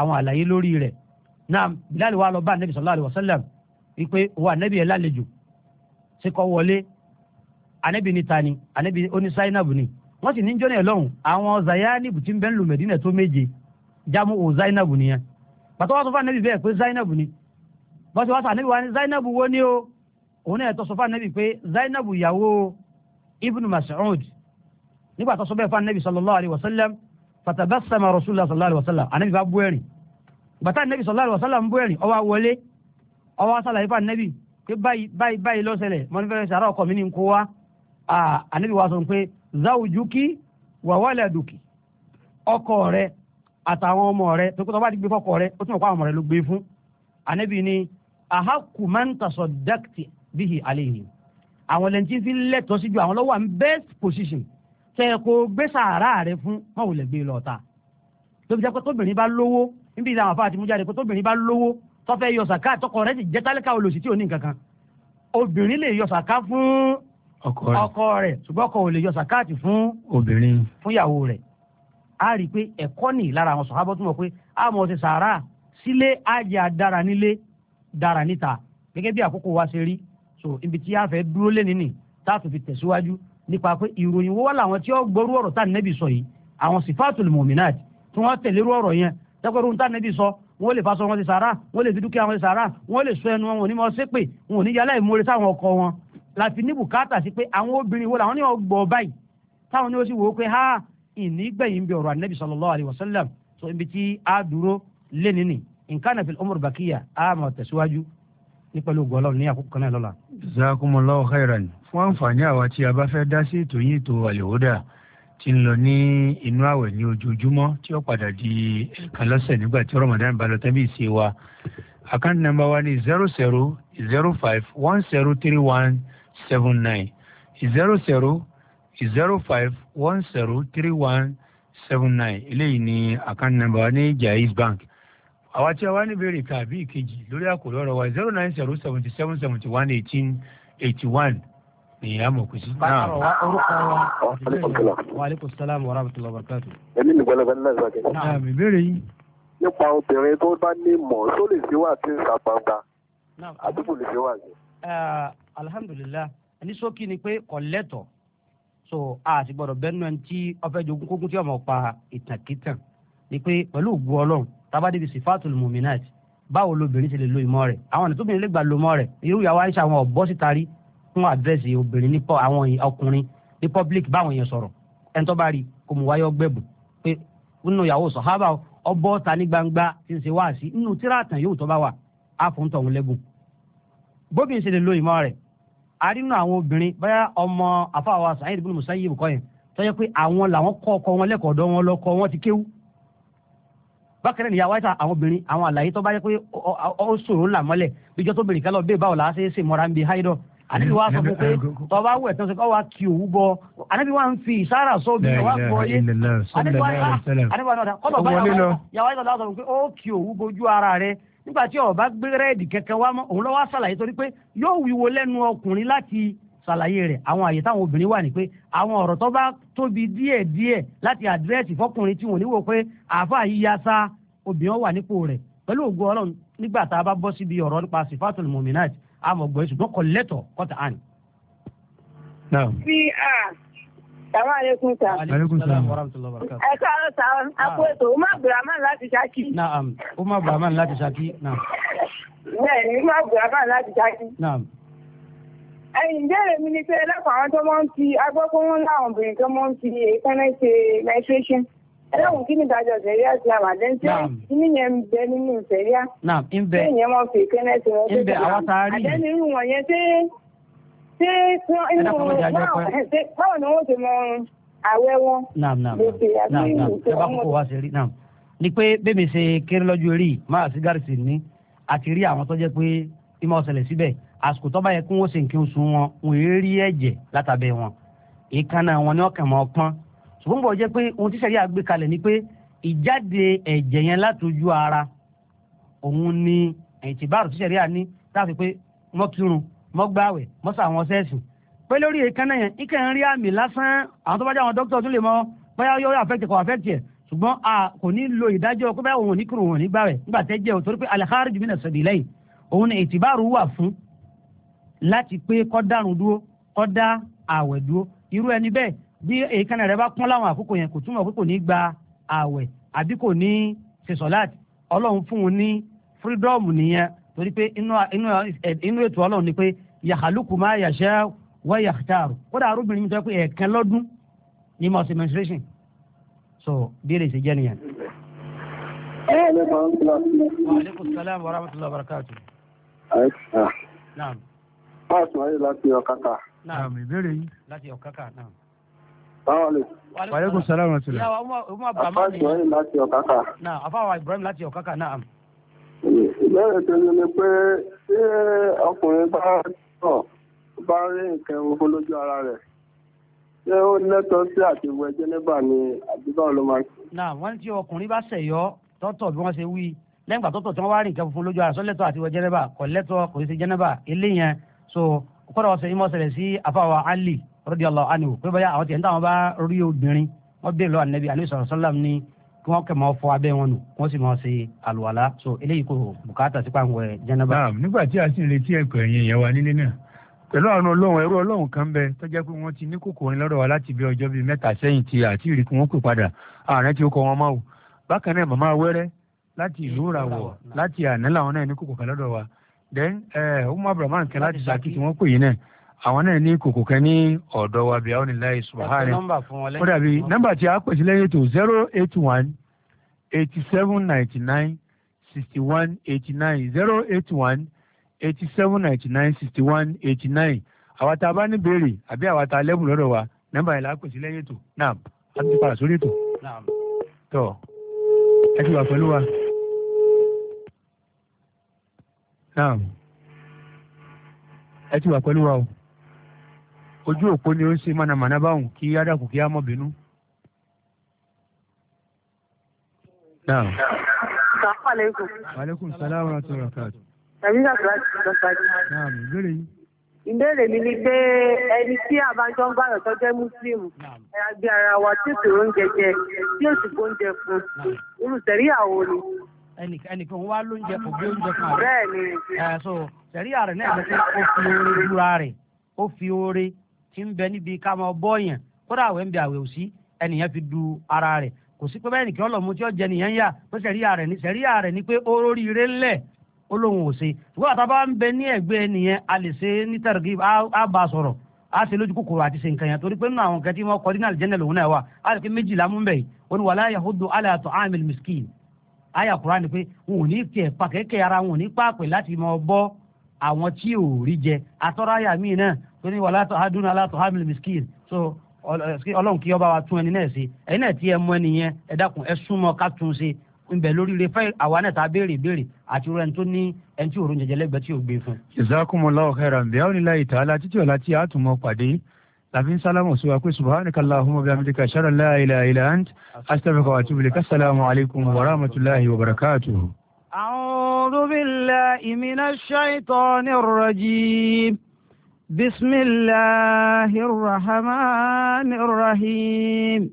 àwọn àlàyé lórí rẹ̀ naam bilal wa lọ bá anabi sallallahu alayhi wa sallam wípé wa anabi yẹn lálejò ṣe kọ wọlé anabi ni tani anabi oní zainab ni wọn sì ní jọ́nà ẹ̀ lọ́hùn àwọn zayanib tí ń bẹ́ ń lu mẹ̀dínà tó méje jámù ò zainab nìyẹn pàtó wàá sọ fún anabi bẹ́ẹ̀ pé zainab ni bọ́sẹ̀ wàá sọ anabi wa ni zainab wo ni o òun náà tó sọ fún anabi pé zainab ìyàwó ibn mas'ud nígbà tó sọ bẹ́ẹ̀ fún anabi sallallahu alayhi wa sallam fatabassama rasulullah sallallahu alayhi wa sallam anabi bá bú ẹ̀rín bàtà nẹ́bí sallallahu alaihi wasallam ń bó ẹ̀rìn ọwọ́ wọlé ọwọ́ sàlàyé fún anẹ́bí pé báyìí báyìí báyìí ló ṣẹlẹ̀ mọ́nífẹ́rẹ́ sàrà ọkọ mi ní nkó wa anẹ́bí wa sọ pé zawjuki wa waladuki ọkọ rẹ àtàwọn ọmọ rẹ tó kótó bá ti gbé fọkọ rẹ ó túnbọ̀ kó àwọn ọmọ rẹ ló gbé fún anẹ́bí ni ahaqqu man tasaddaqti bihi alayhi àwọn lẹ́ntì fi lẹ́tọ̀ọ́ síjú àwọn lọ́wọ́ àwọn best position tẹ́ kó gbé sàárà rẹ fún mọ̀wùlẹ̀ gbé lọ́ta tó fi jẹ́ pé tóbìnrin bá lówó níbi ìlànà àfa àti mújáde pé tóbìnrin bá lówó tọ́fẹ́ yọ sàká tọkọ rẹ̀ ti jẹ́ tálíkà olòṣì tí ò ní nǹkan kan obìnrin lè yọ sàká fún ọkọ rẹ̀ ṣùgbọ́n ọkọ ò lè yọ sàká àti fún obìnrin fún ìyàwó rẹ̀ a rí i pé ẹ̀kọ́ nì lára àwọn sọ̀hábọ́ tó pé a ti sàárà sílé ajé àdára nílé dára níta gẹ́gẹ́ bí àkókò wa ṣe rí so ibi tí a fẹ́ dúró lẹ́ni nì tá a tún fi tẹ̀síwájú nípa pé ìròyìn wo wà láwọn tí ó gbọ́rú ọ̀rọ̀ tá nẹ́bì sọ yìí àwọn sifatul mu'minat tí wọ́n tẹ̀lé rú ọ̀rọ̀ yẹn tẹ́kọ̀rọ̀ ohun tánàbí sọ wọ́n lè fasọ wọn ti sàrà wọ́n lè fi dúkìá wọn ti sàrà wọ́n lè sọ ẹnu wọn òní mọ́ sépè wọn òní yálà ìmúre sáwọn ọkọ wọn láti ní bùkátà sí pé àwọn obìnrin wo làwọn ní wọn báyìí táwọn ní ó sì wò ó pé ha ìní gbẹ̀yìn bí ọ̀rọ̀ anabi sallallahu alayhi wa sallam so ibi tí a dúró lé nínì nǹkan àfi umar bakiya a máa tẹ̀síwájú ní pẹ̀lú gọlọ́ọ̀ ní àkókò náà lọ́la. jazakumullahu khairan fún àǹfààní àwa tí ń lọ ní inú àwẹ̀ ní ojoojúmọ́ tí ó padà di ẹ̀ẹ̀kan lọ́sẹ̀ nígbà tí Ramadan bá lọ tẹ́bí ìṣe wa account number wa ni zero zero zero five one zero three one seven nine zero zero zero five one zero three one seven nine eléyìí ni account number wa ní Jaiz Bank àwa tí a wá ní ìbéèrè kan àbí ìkejì lórí àkòrí ọ̀rọ̀ wa zero nine zero seventy seven seventy one eighteen eighty one èèyàn mọ̀ kò sí. bákan wa orúkọ wa. waaleykum salaam wa rahmatulah wa barakatu. èmi nìgbàlẹ̀ bẹ́ẹ̀ lẹ́sàkẹ́. náà mi béèrè yín. nípa obìnrin tó bá ní mọ̀ tó lè ṣe wà sí ìsàpàǹgbà àdúgbò lè ṣe wà sí. alhamdulilah ní ṣókí ni pé kọ̀lẹ́tọ̀ so a ti gbọ́dọ̀ bẹ́ẹ̀ náà tí ọfẹ́ jogún kókún tí ọmọ pa ìtàkìtàn ni pé pẹ̀lú ògbó ọlọ́run tábàdé bíi sifatul muminat báwo lobìnrin ti lè lo ìmọ̀ rẹ̀ àwọn ọ̀nà tóbìnrin lè gbà lo ìmọ̀ rẹ̀ irú ìyàwó àìsàn àwọn ọ̀bọ fún àdírẹ́sì obìnrin ní pọ àwọn ọkùnrin ní public báwọn yẹn sọ̀rọ̀ ẹni tó bá rí kò mú wáyé ọgbẹ́bù pé nínú ìyàwó sọ̀hábà ọbọ̀ ta ní gbangba tí ń ṣe wá sí nínú tíráàtàn yóò tó bá wà á fún tọ̀hún bóbi ń ṣe lè lo ìmọ̀ rẹ̀ a rí nínú àwọn obìnrin báyà ọmọ afáwa Sa'id ibn Musayyib kọ́ yẹn tó yẹ pé àwọn làwọn kọ́ ọkọ wọn wọn wọn ti kéwú. àwọn obìnrin àwọn àlàyé tó bá yẹ pé ó làmọ́lẹ̀ bíjọ́ anabi wa sọ fún pé tọba awọ ẹtọ sọ kọ wa kí òwú bọ anabi wa ń fi ìsára sọ bí wa kọ yé anabi wa anabi wa náà kọlọ bá yàwá yàwá yàwá sọ fún pé ó kí òwú bojú ara rẹ nígbà tí ọba gbẹrẹẹdì kẹkẹ wa òun lọ wá sàlàyé torí pé yóò wíwo lẹ́nu ọkùnrin láti sàlàyé rẹ àwọn àyè táwọn obìnrin wà ní pé àwọn ọ̀rọ̀ tó bá tóbi díẹ̀ díẹ̀ láti àdírẹ́sì fọkùnrin tí wọn níwò pé àáfà yíya sa obìnrin wà nípò rẹ pẹ̀lú ògùn Ọlọ́run nígbà tá a bá bọ́ síbi ọ̀rọ̀ nípa sifatul muminat àmọ̀gbọ́ ẹ̀ ṣùgbọ́n kọ̀lẹ́tọ̀ kọ́tà án. bí a sàmà aleykum sa. aleykum sa ẹ káàárọ̀ sa akó ètò umar abdulrahman láti Ṣakí. naam umar abdulrahman láti Ṣakí naam. bẹ́ẹ̀ni umar abdulrahman láti Ṣakí. naam ẹ̀yìn ìbéèrè mi ni pé ẹlẹ́kọ̀ọ́ àwọn tó máa ń fi agbọ́kọ́ wọn láwọn obìnrin tó máa ń fi èékánná ṣe menstruation. ẹlẹ́wọ̀n kí ni ìdájọ́ sẹ̀ríà islam àdẹ́ńtì kíní yẹn ń bẹ nínú sẹ̀ríà. ṣé ìyẹn fi wọn wọn yẹn ṣé ṣé ti mọ àwẹ̀ wọn. naam naam naam naam ẹ bá kókó wá ni pé bẹ́ẹ̀mi ṣe kéré lọ́jọ́ rí máa sígárì sí ni àti rí àwọn ṣùgbọ́n bọ̀ jẹ́ pé ohun tí sẹ́yà gbé kalẹ̀ ni pé ìjáde ẹ̀jẹ̀ yẹn látọjú ara òun ni ẹ̀tìbáàrù tí sẹ́yà ní láti pé mọ́ kírun mọ́ gbààwẹ̀ mọ́ sọ àwọn sẹ́ẹ̀sì pé lórí èékánná yẹn ikẹ́ ń rí àmì lásán àwọn tó bá jẹ́ àwọn dókítà tún lè mọ bóyá yóò àfẹ́tì kò àfẹ́tì ẹ̀ ṣùgbọ́n a kò ní lo ìdájọ́ pé báyà òun ò ní kírun òun ò ní gbààwẹ̀ nígbà tẹ́ jẹ́ òtórí pé al-kharij min as-sabilayn òun ni bí èékánná rẹ bá pọ́n láwọn àkókò yẹn kò túmọ̀ pé kò ní gba ààwẹ̀ àbí kò ní ṣe sọ̀láàtì ọlọ́run fún un ní fírídọ́ọ̀mù nìyẹn torí pé inú ètò ọlọ́run ni pé yàhálùkù máa yàṣẹ́ wọ́n yàtàrù kódà arúgbìn mi sọ pé ẹ̀ẹ̀kan lọ́dún ní mọ̀ sí menstruation so bí èrè ṣe jẹ́ nìyẹn. báàsì wáyé láti ọ̀kàkà. naam ìbéèrè yìí. láti ọ̀kàkà naam. Wàlẹ́kùn sálàmù àti rẹ̀. Àfáàjì Ibrahim láti Ọ̀kákà. Náà àfáàwà Ibrahim láti Ọ̀kákà náà. Ìbéèrè tèmi ni pé ṣé ọkùnrin bá tọ̀ bá rí nǹkan ẹranko lójú ara rẹ̀? Ṣé ó lẹ́tọ̀ọ́ sí àti wẹ jẹ́nẹ́bà ni àdúgbò ló máa ń. Náà wọ́n ti ọkùnrin bá ṣẹ̀yọ́ tọ́tọ̀ bí wọ́n ṣe wí lẹ́yìn ìgbà tọ́tọ̀ tí wọ́n wá rí nǹkan funfun lójú ara sọ́lẹ́tọ̀ àti wẹ jẹ́nẹ́bà kò lẹ́tọ̀ kò sí jẹ́nẹ́bà eléyẹn so kọ́dọ̀ ọ̀sẹ̀ yìí mọ̀ ṣẹlẹ̀ sí àfáàwà Ali radiyallahu anhu pé bóyá àwọn tiẹ̀ ń táwọn bá rí obìnrin wọ́n bèèrè lọ́wọ́ ànábì ànábì sallallahu alaihi ni kí wọ́n kẹ̀ máa fọ abẹ́ wọn nù kí wọ́n sì máa ṣe àlùwàlá so eléyìí kò bùkátà sí pàǹwẹ̀ jẹ́nẹ́bà. naam nígbà tí a sì ń retí ẹ̀kọ́ ẹ̀yìn ìyẹn wa nílé náà pẹ̀lú àwọn ọlọ́run ẹ̀rọ ọlọ́run kan bẹ tó jẹ́ pé wọ́n ti ní kòkòrò ní lọ́dọ̀ wa láti bí ọjọ́ bíi mẹ́ta sẹ́yìn ti àti ìrìkú wọn pè padà ààrẹ tí ó kọ wọn máa bákan náà màmá wẹ́rẹ́ láti ìlú ràwọ̀ láti àná làwọn náà ní kòkòrò kan lọ́dọ̀ wa then ọmọ eh, abrahamu kan láti sàkí tí pè yín náà àwọn náà ní kòkò kan ní ọ̀dọ̀ wa bíi àwọn ìlànà ìṣùbáhánì ó dàbí nọ́mbà tí a pèsè lẹ́yìn ètò zero eight one eighty seven ninety nine sixty one eighty nine zero eight one eighty seven ninety nine sixty one eighty nine àwa tá a bá ní béèrè àbí àwa tá a lẹ́bùn lọ́dọ̀ wa nọ́mbà yìí la pèsè lẹ́yìn ètò náà a ti padà sórí ètò tó ẹ ti wà pẹ̀lú wa. Naam. Ẹ ti wà pẹ̀lú wa o ojú òpó ni ó ń ṣe mọ̀nàmọ́ná báwọn kí ádàkù kí á mọ̀ bínú. Naam. Assalamu alaikum. Wa alaikum salaam wa rahmatullahi wa barakatuh. Tàbíjà tó láti ṣe lọ́pàá jù. Naam, ìbéèrè yín. Ìbéèrè mi ni pé ẹni tí àbájọ ń gbàyàn tó jẹ́ Mùsùlùmù, ẹ̀yà gbé ara wa tí ìṣòro ń jẹjẹ, tí òsì gbóúnjẹ fún, irú sẹ̀rí àwo ni ẹnìkan wá lóúnjẹ kò gbé oúnjẹ kan rẹ ẹ so sẹríà rẹ náà ló pé ó fi oore lura rẹ ó fi oore tí ń bẹ níbi ká máa bọ́ yẹn kódà àwẹ̀ ń bẹ àwẹ̀ òsì ẹnìyẹn fi du ara rẹ̀ kò sí pé bẹ́ẹ̀ nìkan ọlọ́mú tí ó jẹ nìyẹn yà pé sẹ̀ríyà rẹ̀ ni sẹ̀ríyà rẹ̀ ni pé ó rórí ire ńlẹ̀ ó lóun ò ṣe ṣùgbọ́n àtàbá ń bẹ ní ẹ̀gbẹ́ nìyẹn a lè ṣe ní tẹ̀rẹ̀gì á bá a sọ̀rọ̀ a ṣe lójú kòkòrò àti ṣe nǹkan yẹn torí pé nínú àwọn kẹtí wọn kọdí náà jẹ́nẹ̀ lòun náà wà á lè fi méjìlá mú bẹ́ẹ̀ ó ní wàlá yahudu alayatu amil miskin aya kura ni pé wọn ò ní tiẹ̀ pàkẹ́kẹ́ ara wọn ò ní pàpẹ́ láti mọ bọ́ àwọn tí ò rí jẹ atọ́ra aya míì náà torí wà látọ̀ adúnà látọ̀ hamil miskin so ọlọ́run kí ọba wa tún ẹni náà ṣe ẹni náà tí ẹ mọ ẹni yẹn ẹ dákun ẹ súnmọ́ ká tún ṣe ń bẹ lórí rẹ fẹ́ àwa náà ta béèrè béèrè àti rẹ tó ní ẹni tí òórùn jẹjẹrẹ lẹ́gbẹ̀ẹ́ tí ò gbé fún. jazakumullahu khairan bẹ́ẹ̀ òní láyé tààlà títí ọ̀la tí a tún mọ pàdé láfi ń sálámù sí wa pé subhanaka allahumma wa bihamdika shara la ilaha illa ant astaghfiruka wa atubu ilaik assalamu alaikum wa rahmatullahi wa barakatuh. a'udhu billahi minash shaitanir rajim. بسم الله الرحمن الرحيم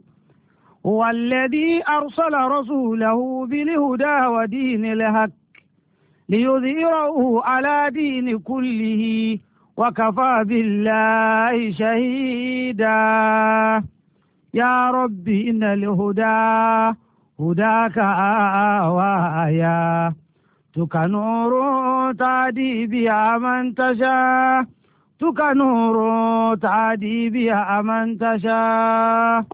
هو الذي أرسل رسوله بالهدى ودين الهك ليظهره على دين كله وكفى بالله شهيدا يا رب إن الهدى هداك آوايا تك نور تعدي بها من تشاء ربك نور تعدي بها من تشاء